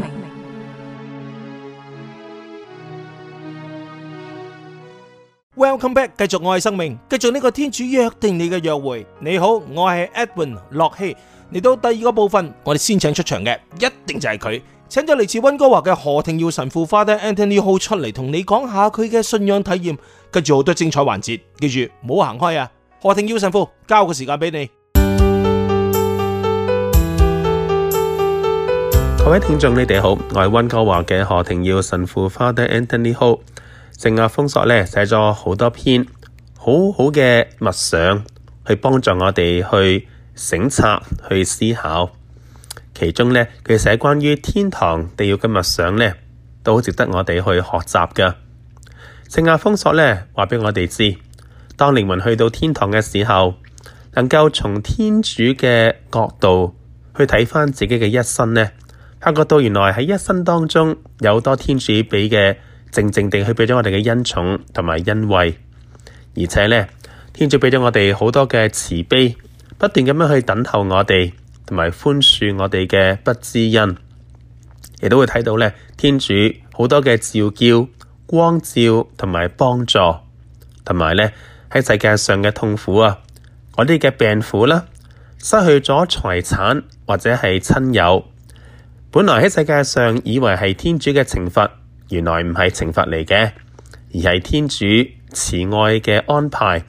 Welcome back，繼續我係生命，繼續呢個天主約定你嘅約會。你好，我係 Edwin 洛希，嚟到第二個部分，我哋先請出場嘅一定就係佢，請咗嚟自溫哥華嘅何廷耀神父花爹 Anthony Ho 出嚟同你講下佢嘅信仰體驗。跟住好多精彩環節，記住唔好行開啊！何廷耀神父交個時間俾你。各位聽眾，你哋好，我係溫哥華嘅何廷耀神父花爹 Anthony Ho。聖亞、啊、封索呢，寫咗好多篇很好好嘅物想，去幫助我哋去省察、去思考。其中呢，佢寫關於天堂、地獄嘅物想呢，都好值得我哋去學習噶。聖亞、啊、封索呢，話畀我哋知，當靈魂去到天堂嘅時候，能夠從天主嘅角度去睇翻自己嘅一生呢，發覺到原來喺一生當中有好多天主畀嘅。靜靜地去畀咗我哋嘅恩寵同埋恩惠，而且咧，天主畀咗我哋好多嘅慈悲，不斷咁樣去等候我哋，同埋寬恕我哋嘅不知恩。亦都會睇到咧，天主好多嘅召叫、光照同埋幫助，同埋咧喺世界上嘅痛苦啊，我哋嘅病苦啦，失去咗財產或者係親友，本來喺世界上以為係天主嘅懲罰。原來唔係懲罰嚟嘅，而係天主慈愛嘅安排，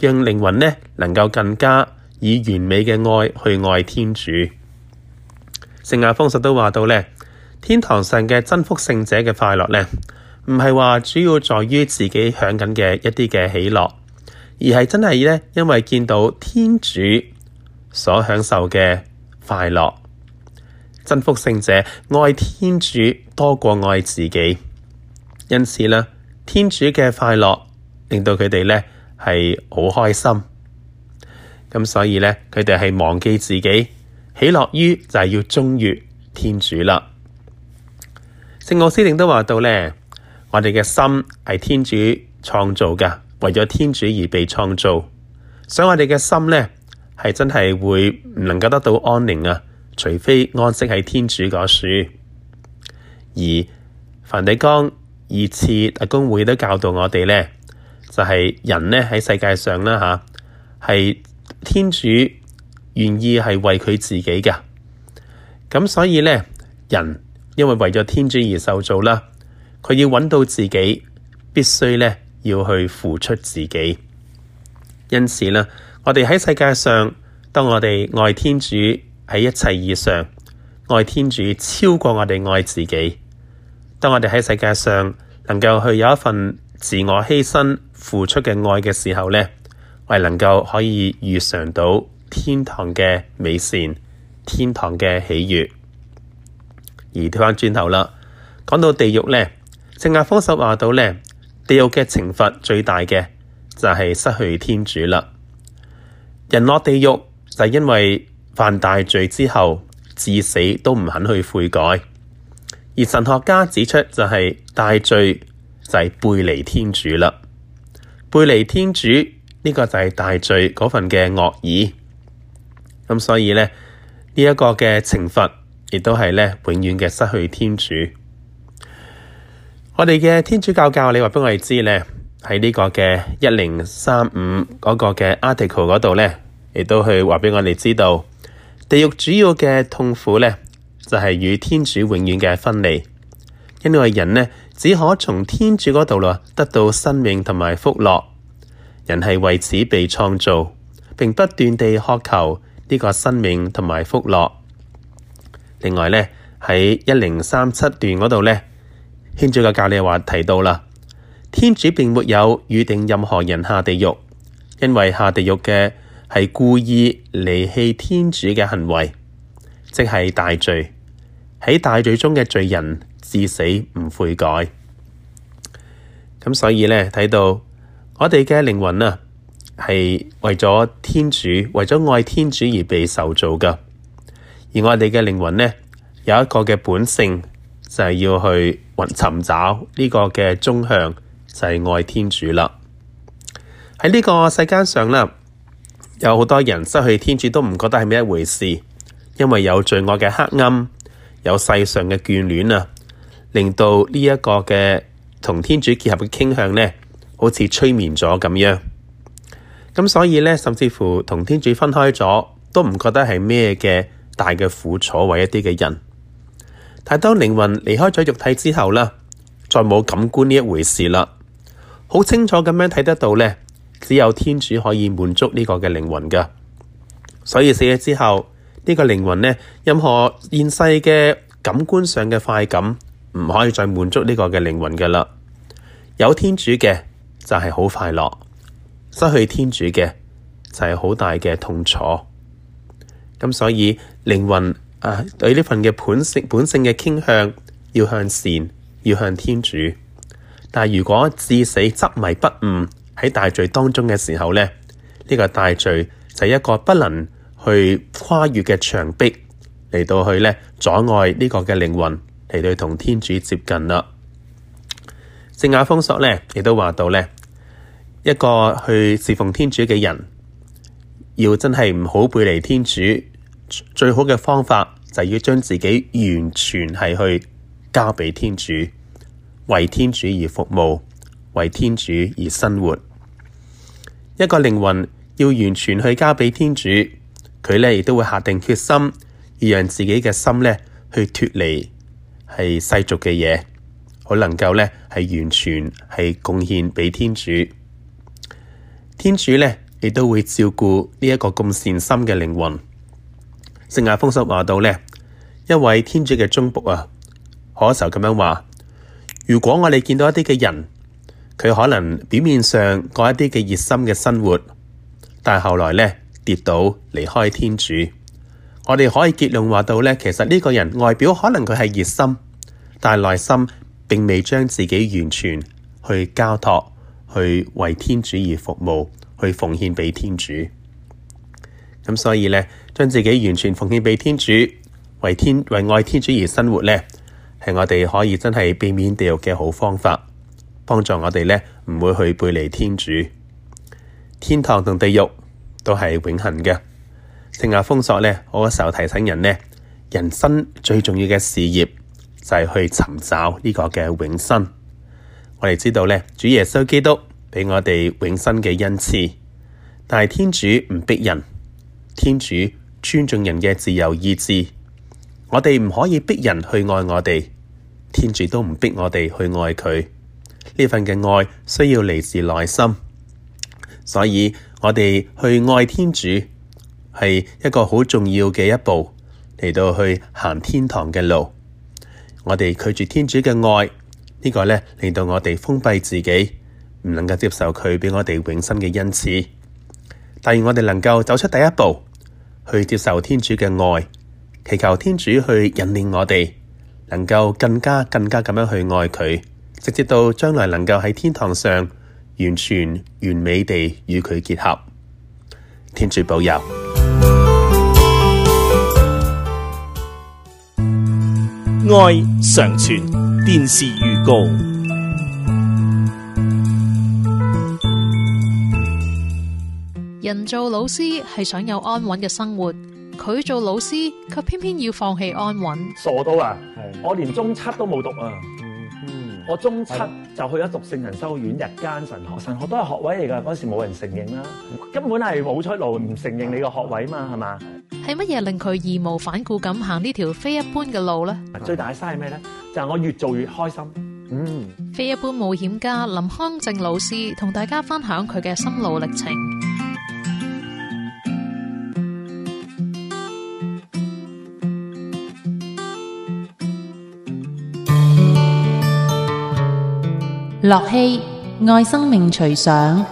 讓靈魂呢能夠更加以完美嘅愛去愛天主。聖亞封神都話到呢，天堂上嘅真福聖者嘅快樂呢，唔係話主要在於自己享緊嘅一啲嘅喜樂，而係真係呢，因為見到天主所享受嘅快樂，真福聖者愛天主多過愛自己，因此咧，天主嘅快樂令到佢哋咧係好開心。咁所以咧，佢哋係忘記自己，喜樂於就係要忠於天主啦。聖奧斯定都話到咧，我哋嘅心係天主創造㗎，為咗天主而被創造，所以我哋嘅心咧係真係會唔能夠得到安寧啊，除非安息喺天主嗰處。而梵蒂岡二次大公會都教導我哋咧，就係人咧喺世界上啦吓，係天主願意係為佢自己嘅。咁所以咧，人因為為咗天主而受造啦，佢要揾到自己，必須咧要去付出自己。因此咧，我哋喺世界上，當我哋愛天主喺一切以上，愛天主超過我哋愛自己。當我哋喺世界上能夠去有一份自我犧牲、付出嘅愛嘅時候呢，我哋能夠可以預嘗到天堂嘅美善、天堂嘅喜悅。而調翻轉頭啦，講到地獄呢，聖亞福修話到呢：「地獄嘅懲罰最大嘅就係失去天主啦。」人落地獄就因為犯大罪之後，至死都唔肯去悔改。而神學家指出，就係大罪就係背離天主啦，背離天主呢個就係大罪嗰份嘅惡意，咁所以呢，呢一個嘅懲罰，亦都係咧永遠嘅失去天主。我哋嘅天主教教理話畀我哋知呢，喺呢個嘅一零三五嗰個嘅 article 嗰度呢，亦都去話畀我哋知道，地獄主要嘅痛苦呢。就係、是、與天主永遠嘅分離，因為人呢只可從天主嗰度啦得到生命同埋福樂，人係為此被創造，並不斷地渴求呢個生命同埋福樂。另外呢喺一零三七段嗰度呢，天主嘅教理話提到啦，天主並沒有預定任何人下地獄，因為下地獄嘅係故意離棄天主嘅行為，即係大罪。喺大罪中嘅罪人至死唔悔改，咁所以咧，睇到我哋嘅靈魂啊，係為咗天主，為咗愛天主而被受造噶。而我哋嘅靈魂咧有一個嘅本性就係要去尋找呢個嘅中向，就係愛天主啦。喺呢個世界上啦，有好多人失去天主都唔覺得係咩一回事，因為有罪惡嘅黑暗。有世上嘅眷戀啊，令到呢一個嘅同天主結合嘅傾向呢，好似催眠咗咁樣。咁所以呢，甚至乎同天主分開咗，都唔覺得係咩嘅大嘅苦楚或一啲嘅人。但當靈魂離開咗肉體之後呢，再冇感官呢一回事啦，好清楚咁樣睇得到呢，只有天主可以滿足呢個嘅靈魂㗎。所以死咗之後。呢個靈魂呢，任何現世嘅感官上嘅快感，唔可以再滿足呢個嘅靈魂嘅啦。有天主嘅就係好快樂，失去天主嘅就係好大嘅痛楚。咁所以靈魂啊，對呢份嘅本性本性嘅傾向，要向善，要向天主。但係如果至死執迷不悟，喺大罪當中嘅時候呢，呢個大罪就係一個不能去跨越嘅牆壁，嚟到去呢，阻礙呢個嘅靈魂嚟到同天主接近啦。聖雅封索呢亦都話到呢，一個去侍奉天主嘅人，要真係唔好背離天主，最好嘅方法就要將自己完全係去交畀天主，為天主而服務，為天主而生活。一個靈魂要完全去交畀天主。佢咧亦都會下定決心，要讓自己嘅心咧去脫離係世俗嘅嘢，好能夠咧係完全係貢獻俾天主。天主咧亦都會照顧呢一個咁善心嘅靈魂。聖亞風叔話到咧，一位天主嘅忠僕啊，可愁咁樣話：如果我哋見到一啲嘅人，佢可能表面上過一啲嘅熱心嘅生活，但係後來咧。跌倒離開天主，我哋可以結論話到呢。其實呢個人外表可能佢係熱心，但內心並未將自己完全去交託去為天主而服務，去奉獻畀天主。咁所以呢，將自己完全奉獻畀天主，為天為愛天主而生活呢，係我哋可以真係避免地獄嘅好方法，幫助我哋呢唔會去背離天主。天堂同地獄，都係永恆嘅正亞封鎖呢，我嗰時候提醒人呢，人生最重要嘅事業就係去尋找呢個嘅永生。我哋知道呢，主耶穌基督俾我哋永生嘅恩賜，但係天主唔逼人，天主尊重人嘅自由意志。我哋唔可以逼人去愛我哋，天主都唔逼我哋去愛佢。呢份嘅愛需要嚟自內心，所以。我哋去愛天主係一個好重要嘅一步，嚟到去行天堂嘅路。我哋拒絕天主嘅愛，這個、呢個咧，令到我哋封閉自己，唔能夠接受佢畀我哋永生嘅恩賜。但係我哋能夠走出第一步，去接受天主嘅愛，祈求天主去引領我哋，能夠更加更加咁樣去愛佢，直至到將來能夠喺天堂上完全完美地與佢結合，天主保佑。 *music* 愛常傳，電視預告。人做老師係想有安穩嘅生活，佢做老師卻偏偏要放棄安穩。傻到啊！我連中七都冇讀啊！我中七就去咗讀聖人修院日間神學，神學都係學位嚟噶嗰時冇人承認啦，根本係冇出路，唔承認你個學位嘛，係嘛？係乜嘢令佢義無反顧咁行呢條非一般嘅路咧？最大嘅嘥係咩咧？就係、是、我越做越開心。嗯，非一般冒險家林康正老師同大家分享佢嘅心路歷程。樂器愛生命隨想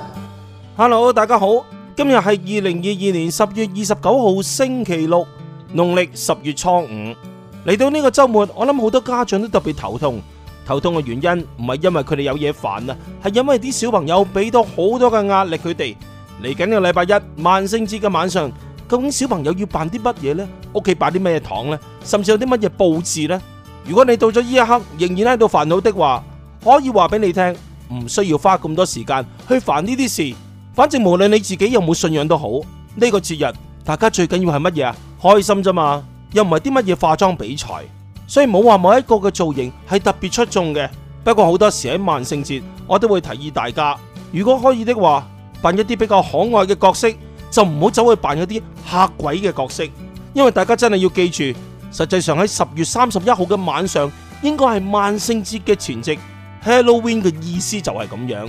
，Hello，大家好，今日係二零二二年十月二十九號星期六，農曆十月初五。嚟到呢個周末，我諗好多家長都特別頭痛，頭痛嘅原因唔係因為佢哋有嘢煩啊，係因為啲小朋友俾到好多嘅壓力，佢哋嚟緊呢個禮拜一萬聖節嘅晚上，究竟小朋友要扮啲乜嘢呢？屋企扮啲咩糖呢？甚至有啲乜嘢布置呢？如果你到咗呢一刻仍然喺度煩惱的話，可以話俾你聽，唔需要花咁多時間去煩呢啲事。反正無論你自己有冇信仰都好，呢個節日大家最緊要係乜嘢啊？開心啫嘛，又唔係啲乜嘢化妝比賽，所以冇話某一個嘅造型係特別出眾嘅。不過好多時喺萬聖節，我都會提議大家，如果可以的話，扮一啲比較可愛嘅角色，就唔好走去扮一啲嚇鬼嘅角色，因為大家真係要記住，實際上喺十月三十一號嘅晚上，應該係萬聖節嘅前夕。Halloween 嘅意思就係咁樣，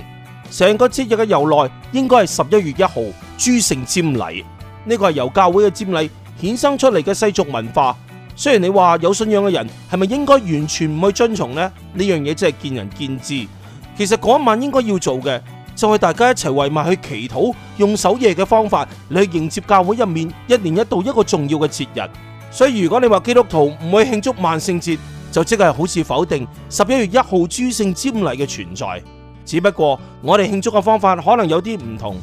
成個節日嘅由來應該係十一月一號，諸聖瞻禮。呢個係由教會嘅瞻禮衍生出嚟嘅世俗文化。雖然你話有信仰嘅人係咪應該完全唔去遵從呢？呢樣嘢真係見仁見智。其實嗰一晚應該要做嘅就係大家一齊圍埋去祈禱，用守夜嘅方法嚟去迎接教會入面一年一度一個重要嘅節日。所以如果你話基督徒唔會慶祝萬聖節，就即係好似否定十一月一號諸聖瞻禮嘅存在，只不過我哋慶祝嘅方法可能有啲唔同。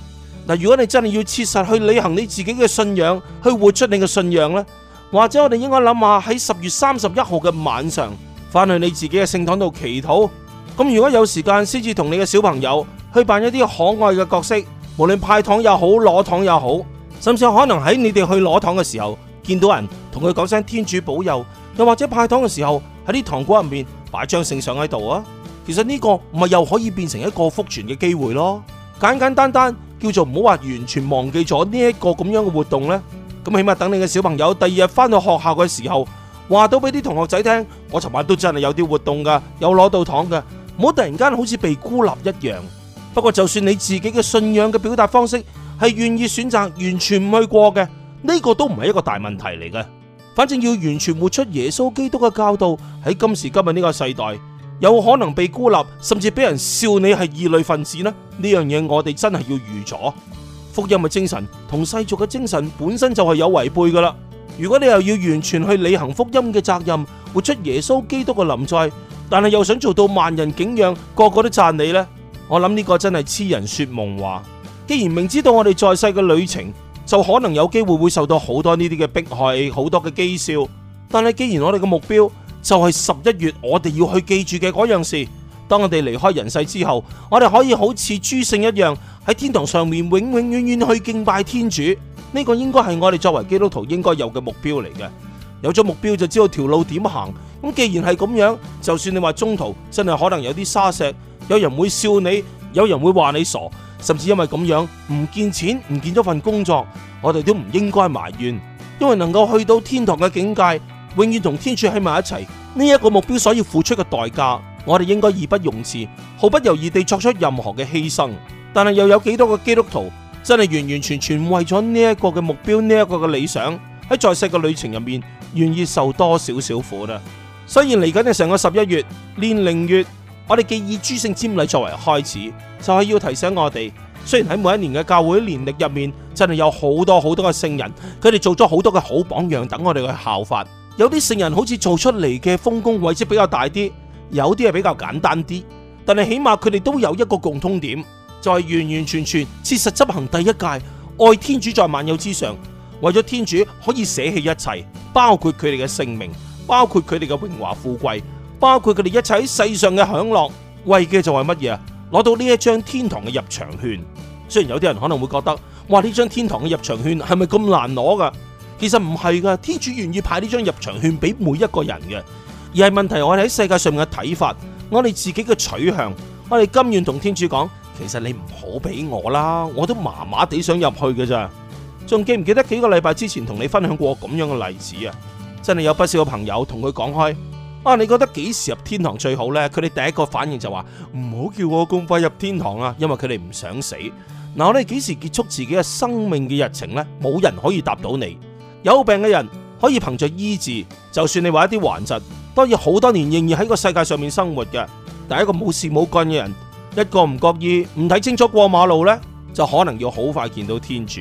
嗱，如果你真係要切實去履行你自己嘅信仰，去活出你嘅信仰呢？或者我哋應該諗下喺十月三十一號嘅晚上，翻去你自己嘅聖堂度祈禱。咁如果有時間，先至同你嘅小朋友去扮一啲可愛嘅角色，無論派糖又好，攞糖又好，甚至可能喺你哋去攞糖嘅時候見到人同佢講聲天主保佑，又或者派糖嘅時候。喺啲糖果入面擺張聖像，喺度啊！其實呢個唔係又可以變成一個福傳嘅機會咯。簡簡單單，單叫做唔好話完全忘記咗呢一個咁樣嘅活動呢。咁起碼，等你嘅小朋友第二日返到學校嘅時候，話到俾啲同學仔聽，我尋晚都真係有啲活動噶，有攞到糖噶。唔好突然間好似被孤立一樣。不過就算你自己嘅信仰嘅表達方式係願意選擇完全唔去過嘅，呢個都唔係一個大問題嚟嘅。反正要完全活出耶穌基督嘅教導，喺今時今日呢個世代，有可能被孤立，甚至俾人笑你係異類分子呢，呢樣嘢，我哋真係要預咗。福音嘅精神同世俗嘅精神本身就係有違背噶啦。如果你又要完全去履行福音嘅責任，活出耶穌基督嘅臨在，但係又想做到萬人敬仰，個個都讚你呢，我諗呢個真係痴人說夢話。既然明知道我哋在世嘅旅程，就可能有機會會受到好多呢啲嘅迫害，好多嘅譏笑。但係既然我哋嘅目標就係十一月，我哋要去記住嘅嗰樣事。當我哋離開人世之後，我哋可以好似諸聖一樣喺天堂上面永永遠遠去敬拜天主。呢個應該係我哋作為基督徒應該有嘅目標嚟嘅。有咗目標就知道條路點行。咁既然係咁樣，就算你話中途真係可能有啲沙石，有人會笑你，有人會話你傻。甚至因為咁樣唔見錢唔見咗份工作，我哋都唔應該埋怨，因為能夠去到天堂嘅境界，永遠同天主喺埋一齊呢一個目標，所要付出嘅代價，我哋應該義不容辭，毫不猶豫地作出任何嘅犧牲。但係又有幾多個基督徒真係完完全全為咗呢一個嘅目標呢一個嘅理想，喺在世嘅旅程入面，願意受多少少苦呢？雖然嚟緊嘅成個十一月，煉靈月。我哋既以諸聖瞻禮作為開始，就係、是、要提醒我哋，雖然喺每一年嘅教會年曆入面，真係有好多好多嘅聖人，佢哋做咗好多嘅好榜樣，等我哋去效法。有啲聖人好似做出嚟嘅豐功偉績比較大啲，有啲係比較簡單啲，但係起碼佢哋都有一個共通點，就係、是、完完全全切實執行第一誡，愛天主在萬有之上，為咗天主可以捨棄一切，包括佢哋嘅性命，包括佢哋嘅榮華富貴。包括佢哋一切喺世上嘅享樂，為嘅就係乜嘢啊？攞到呢一張天堂嘅入場券。雖然有啲人可能會覺得，哇！呢張天堂嘅入場券係咪咁難攞噶？其實唔係噶，天主願意派呢張入場券俾每一個人嘅，而係問題我哋喺世界上嘅睇法，我哋自己嘅取向，我哋甘願同天主講，其實你唔好俾我啦，我都麻麻地想入去噶咋。仲記唔記得幾個禮拜之前同你分享過咁樣嘅例子啊？真係有不少個朋友同佢講開。啊！你覺得幾時入天堂最好呢？佢哋第一個反應就話，唔好叫我咁快入天堂啊，因為佢哋唔想死。嗱，我哋幾時結束自己嘅生命嘅日程呢？冇人可以答到你。有病嘅人可以憑着醫治，就算你話一啲頑疾，都可以好多年仍然喺個世界上面生活嘅。但係一個冇事冇幹嘅人，一個唔覺意唔睇清楚過馬路呢，就可能要好快見到天主。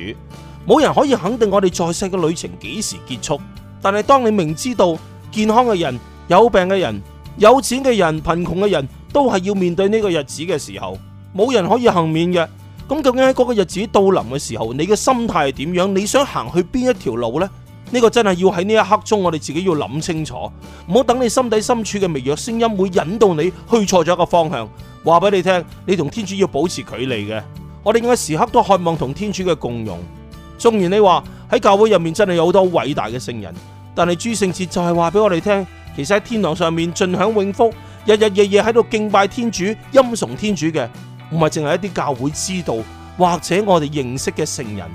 冇人可以肯定我哋在世嘅旅程幾時結束，但係當你明知道健康嘅人，有病嘅人、有錢嘅人、貧窮嘅人都係要面對呢個日子嘅時候，冇人可以幸免嘅。咁究竟喺嗰個日子到臨嘅時候，你嘅心態係點樣？你想行去邊一條路呢？呢、這個真係要喺呢一刻中，我哋自己要諗清楚，唔好等你心底深處嘅微弱聲音會引導你去錯咗一個方向。話俾你聽，你同天主要保持距離嘅。我哋應該時刻都渴望同天主嘅共融。縱然你話喺教會入面真係有好多偉大嘅聖人，但係諸聖節就係話俾我哋聽。其實喺天堂上面盡享永福，日日夜夜喺度敬拜天主、欽崇天主嘅，唔係淨係一啲教會知道或者我哋認識嘅聖人，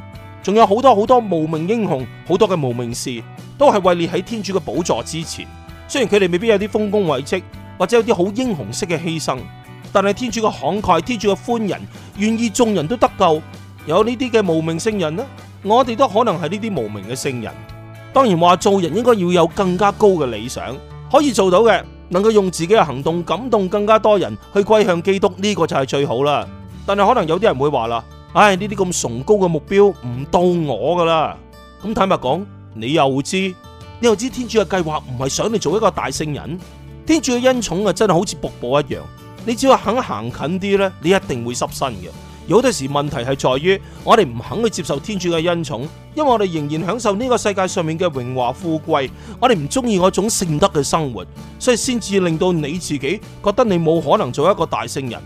仲有好多好多無名英雄，好多嘅無名氏，都係位列喺天主嘅寶座之前。雖然佢哋未必有啲豐功偉績，或者有啲好英雄式嘅犧牲，但係天主嘅慷慨、天主嘅寬仁，願意眾人都得救，有呢啲嘅無名聖人呢，我哋都可能係呢啲無名嘅聖人。當然話做人應該要有更加高嘅理想，可以做到嘅，能夠用自己嘅行動感動更加多人去歸向基督，呢個就係最好啦。但係可能有啲人會話啦，唉，呢啲咁崇高嘅目標唔到我噶啦。咁坦白講，你又知，你又知天主嘅計劃唔係想你做一個大聖人，天主嘅恩寵啊真係好似瀑布一樣，你只要肯行近啲咧，你一定會濕身嘅。有好多時候問題係在於我哋唔肯去接受天主嘅恩寵，因為我哋仍然享受呢個世界上面嘅榮華富貴，我哋唔中意嗰種聖德嘅生活，所以先至令到你自己覺得你冇可能做一個大聖人。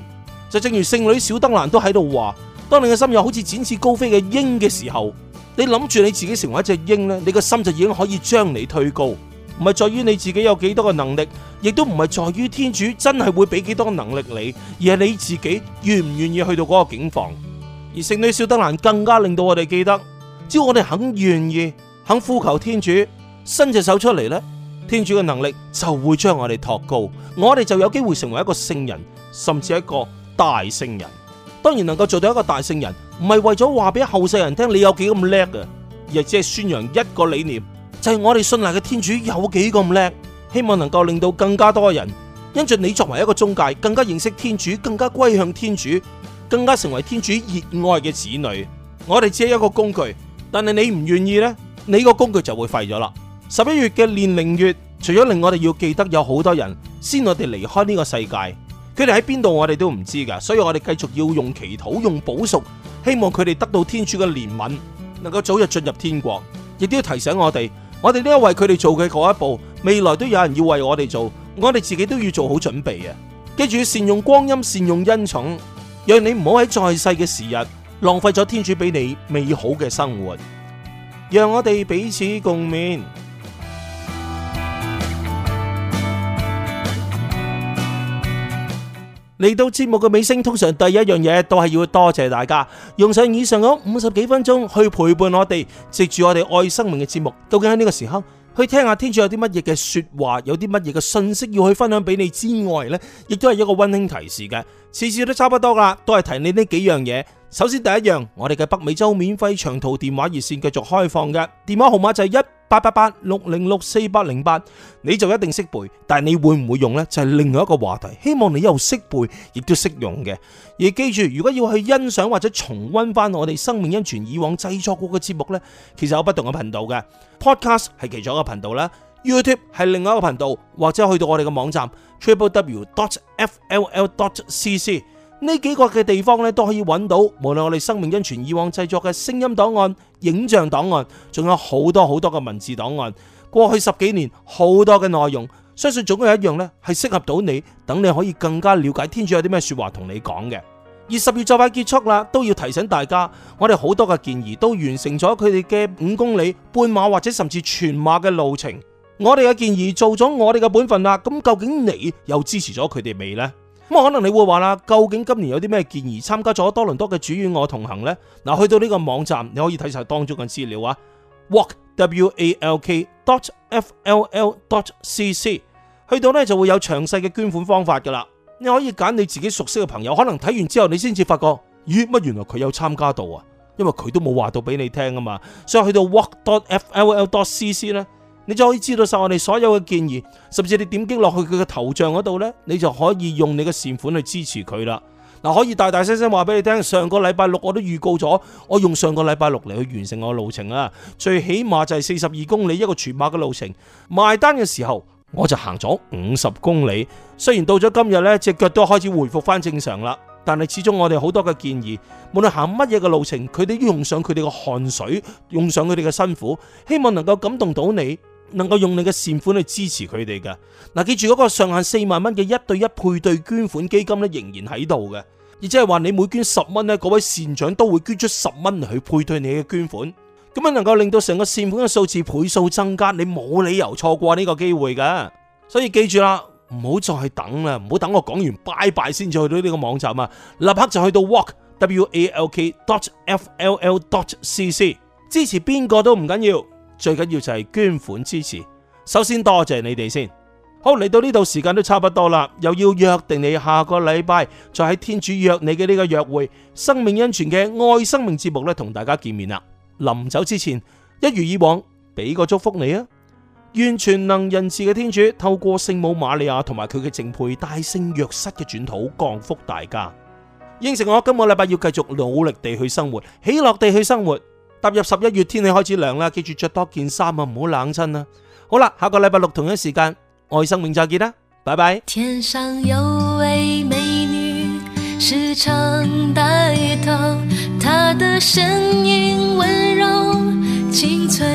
就正如聖女小德蘭都喺度話，當你嘅心又好似展翅高飛嘅鷹嘅時候，你諗住你自己成為一隻鷹咧，你個心就已經可以將你推高。唔係在於你自己有幾多嘅能力，亦都唔係在於天主真係會俾幾多嘅能力你，而係你自己願唔願意去到嗰個境況。而聖女小德蘭更加令到我哋記得，只要我哋肯願意，肯呼求天主，伸隻手出嚟。呢天主嘅能力就會將我哋托高，我哋就有機會成為一個聖人，甚至一個大聖人。當然能夠做到一個大聖人，唔係為咗話俾後世人聽你有幾咁叻嘅，而係只係宣揚一個理念。就係我哋信賴嘅天主有幾咁叻，希望能夠令到更加多人因住你作為一個中介，更加認識天主，更加歸向天主，更加成為天主熱愛嘅子女。我哋只係一個工具，但係你唔願意呢，你個工具就會廢咗啦。十一月嘅年齡月，除咗令我哋要記得有好多人先我哋離開呢個世界，佢哋喺邊度我哋都唔知噶，所以我哋繼續要用祈禱、用補贖，希望佢哋得到天主嘅憐憫，能夠早日進入天國，亦都要提醒我哋。我哋呢一為佢哋做嘅嗰一步，未來都有人要為我哋做，我哋自己都要做好準備啊！記住善用光陰，善用恩寵，讓你唔好喺在世嘅時日浪費咗天主俾你美好嘅生活。讓我哋彼此共勉。嚟到節目嘅尾聲，通常第一樣嘢都係要多謝大家用上以上嗰五十幾分鐘去陪伴我哋，藉住我哋愛生命嘅節目。究竟喺呢個時刻去聽下天主有啲乜嘢嘅說話，有啲乜嘢嘅信息要去分享俾你之外呢，亦都係一個溫馨提示嘅。次次都差不多啦，都係提你呢幾樣嘢。首先第一樣，我哋嘅北美洲免費長途電話熱線繼續開放嘅電話號碼就係一、八八八六零六四八零八，你就一定識背，但係你會唔會用呢？就係另外一個話題。希望你又識背，亦都識用嘅。而記住，如果要去欣賞或者重溫翻我哋生命恩泉以往製作過嘅節目呢，其實有不同嘅頻道㗎。Podcast 係其中一個頻道啦，YouTube 係另外一個頻道，或者去到我哋嘅網站 Triple W dot F L L dot C C。呢幾個嘅地方咧，都可以揾到，無論我哋生命恩泉以往製作嘅聲音檔案、影像檔案，仲有好多好多嘅文字檔案。過去十幾年好多嘅內容，相信總有一樣呢係適合到你，等你可以更加了解天主有啲咩說話同你講嘅。而十月就快結束啦，都要提醒大家，我哋好多嘅健兒都完成咗佢哋嘅五公里、半馬或者甚至全馬嘅路程。我哋嘅健兒做咗我哋嘅本分啦，咁究竟你又支持咗佢哋未呢？咁可能你會話啦，究竟今年有啲咩建議參加咗多倫多嘅主與我同行呢？嗱，去到呢個網站，你可以睇晒當中嘅資料啊。walk w a l k dot f l l dot c c，去到呢就會有詳細嘅捐款方法噶啦。你可以揀你自己熟悉嘅朋友，可能睇完之後你先至發覺，咦？乜原來佢有參加到啊？因為佢都冇話到俾你聽啊嘛。所以去到 walk dot f l l dot c c 呢。你就可以知道晒我哋所有嘅建議，甚至你點擊落去佢嘅頭像嗰度呢，你就可以用你嘅善款去支持佢啦。嗱，可以大大聲聲話俾你聽，上個禮拜六我都預告咗，我用上個禮拜六嚟去完成我嘅路程啊。最起碼就係四十二公里一個全馬嘅路程。埋單嘅時候，我就行咗五十公里。雖然到咗今日呢隻腳都開始回復翻正常啦，但係始終我哋好多嘅建議，無論行乜嘢嘅路程，佢哋用上佢哋嘅汗水，用上佢哋嘅辛苦，希望能夠感動到你。能夠用你嘅善款去支持佢哋嘅。嗱，記住嗰個上限四萬蚊嘅一對一配對捐款基金咧，仍然喺度嘅，亦即係話你每捐十蚊咧，嗰位善長都會捐出十蚊去配對你嘅捐款，咁樣能夠令到成個善款嘅數字倍數增加，你冇理由錯過呢個機會嘅，所以記住啦，唔好再等啦，唔好等我講完拜拜先至去到呢個網站啊，立刻就去到 walk w a l k dot f l l dot c c，支持邊個都唔緊要。最緊要就係捐款支持，首先多謝你哋先。好，嚟到呢度時間都差不多啦，又要約定你下個禮拜再喺天主約你嘅呢個約會，生命恩泉嘅愛生命節目呢，同大家見面啦。臨走之前，一如以往，俾個祝福你啊！願全能仁慈嘅天主透過聖母瑪利亞同埋佢嘅淨配大聖若瑟嘅轉禱降福大家。應承我今個禮拜要繼續努力地去生活，喜樂地去生活。踏入十一月，天氣開始涼啦，記住着多件衫啊，唔好冷親啦。好啦，下個禮拜六同一時間，愛生命再見啦，拜拜。天上有位美女，時常帶頭，她的聲音溫柔、清脆、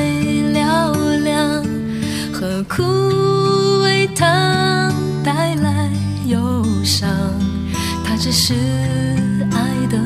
嘹亮。何苦為她帶來憂傷，她只是愛的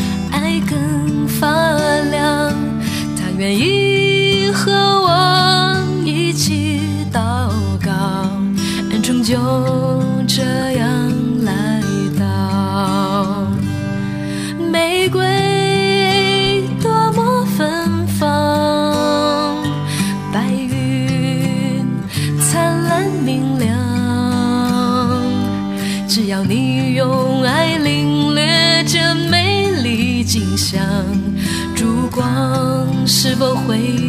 發亮，他願意和我一起禱告，恩重久。是否會？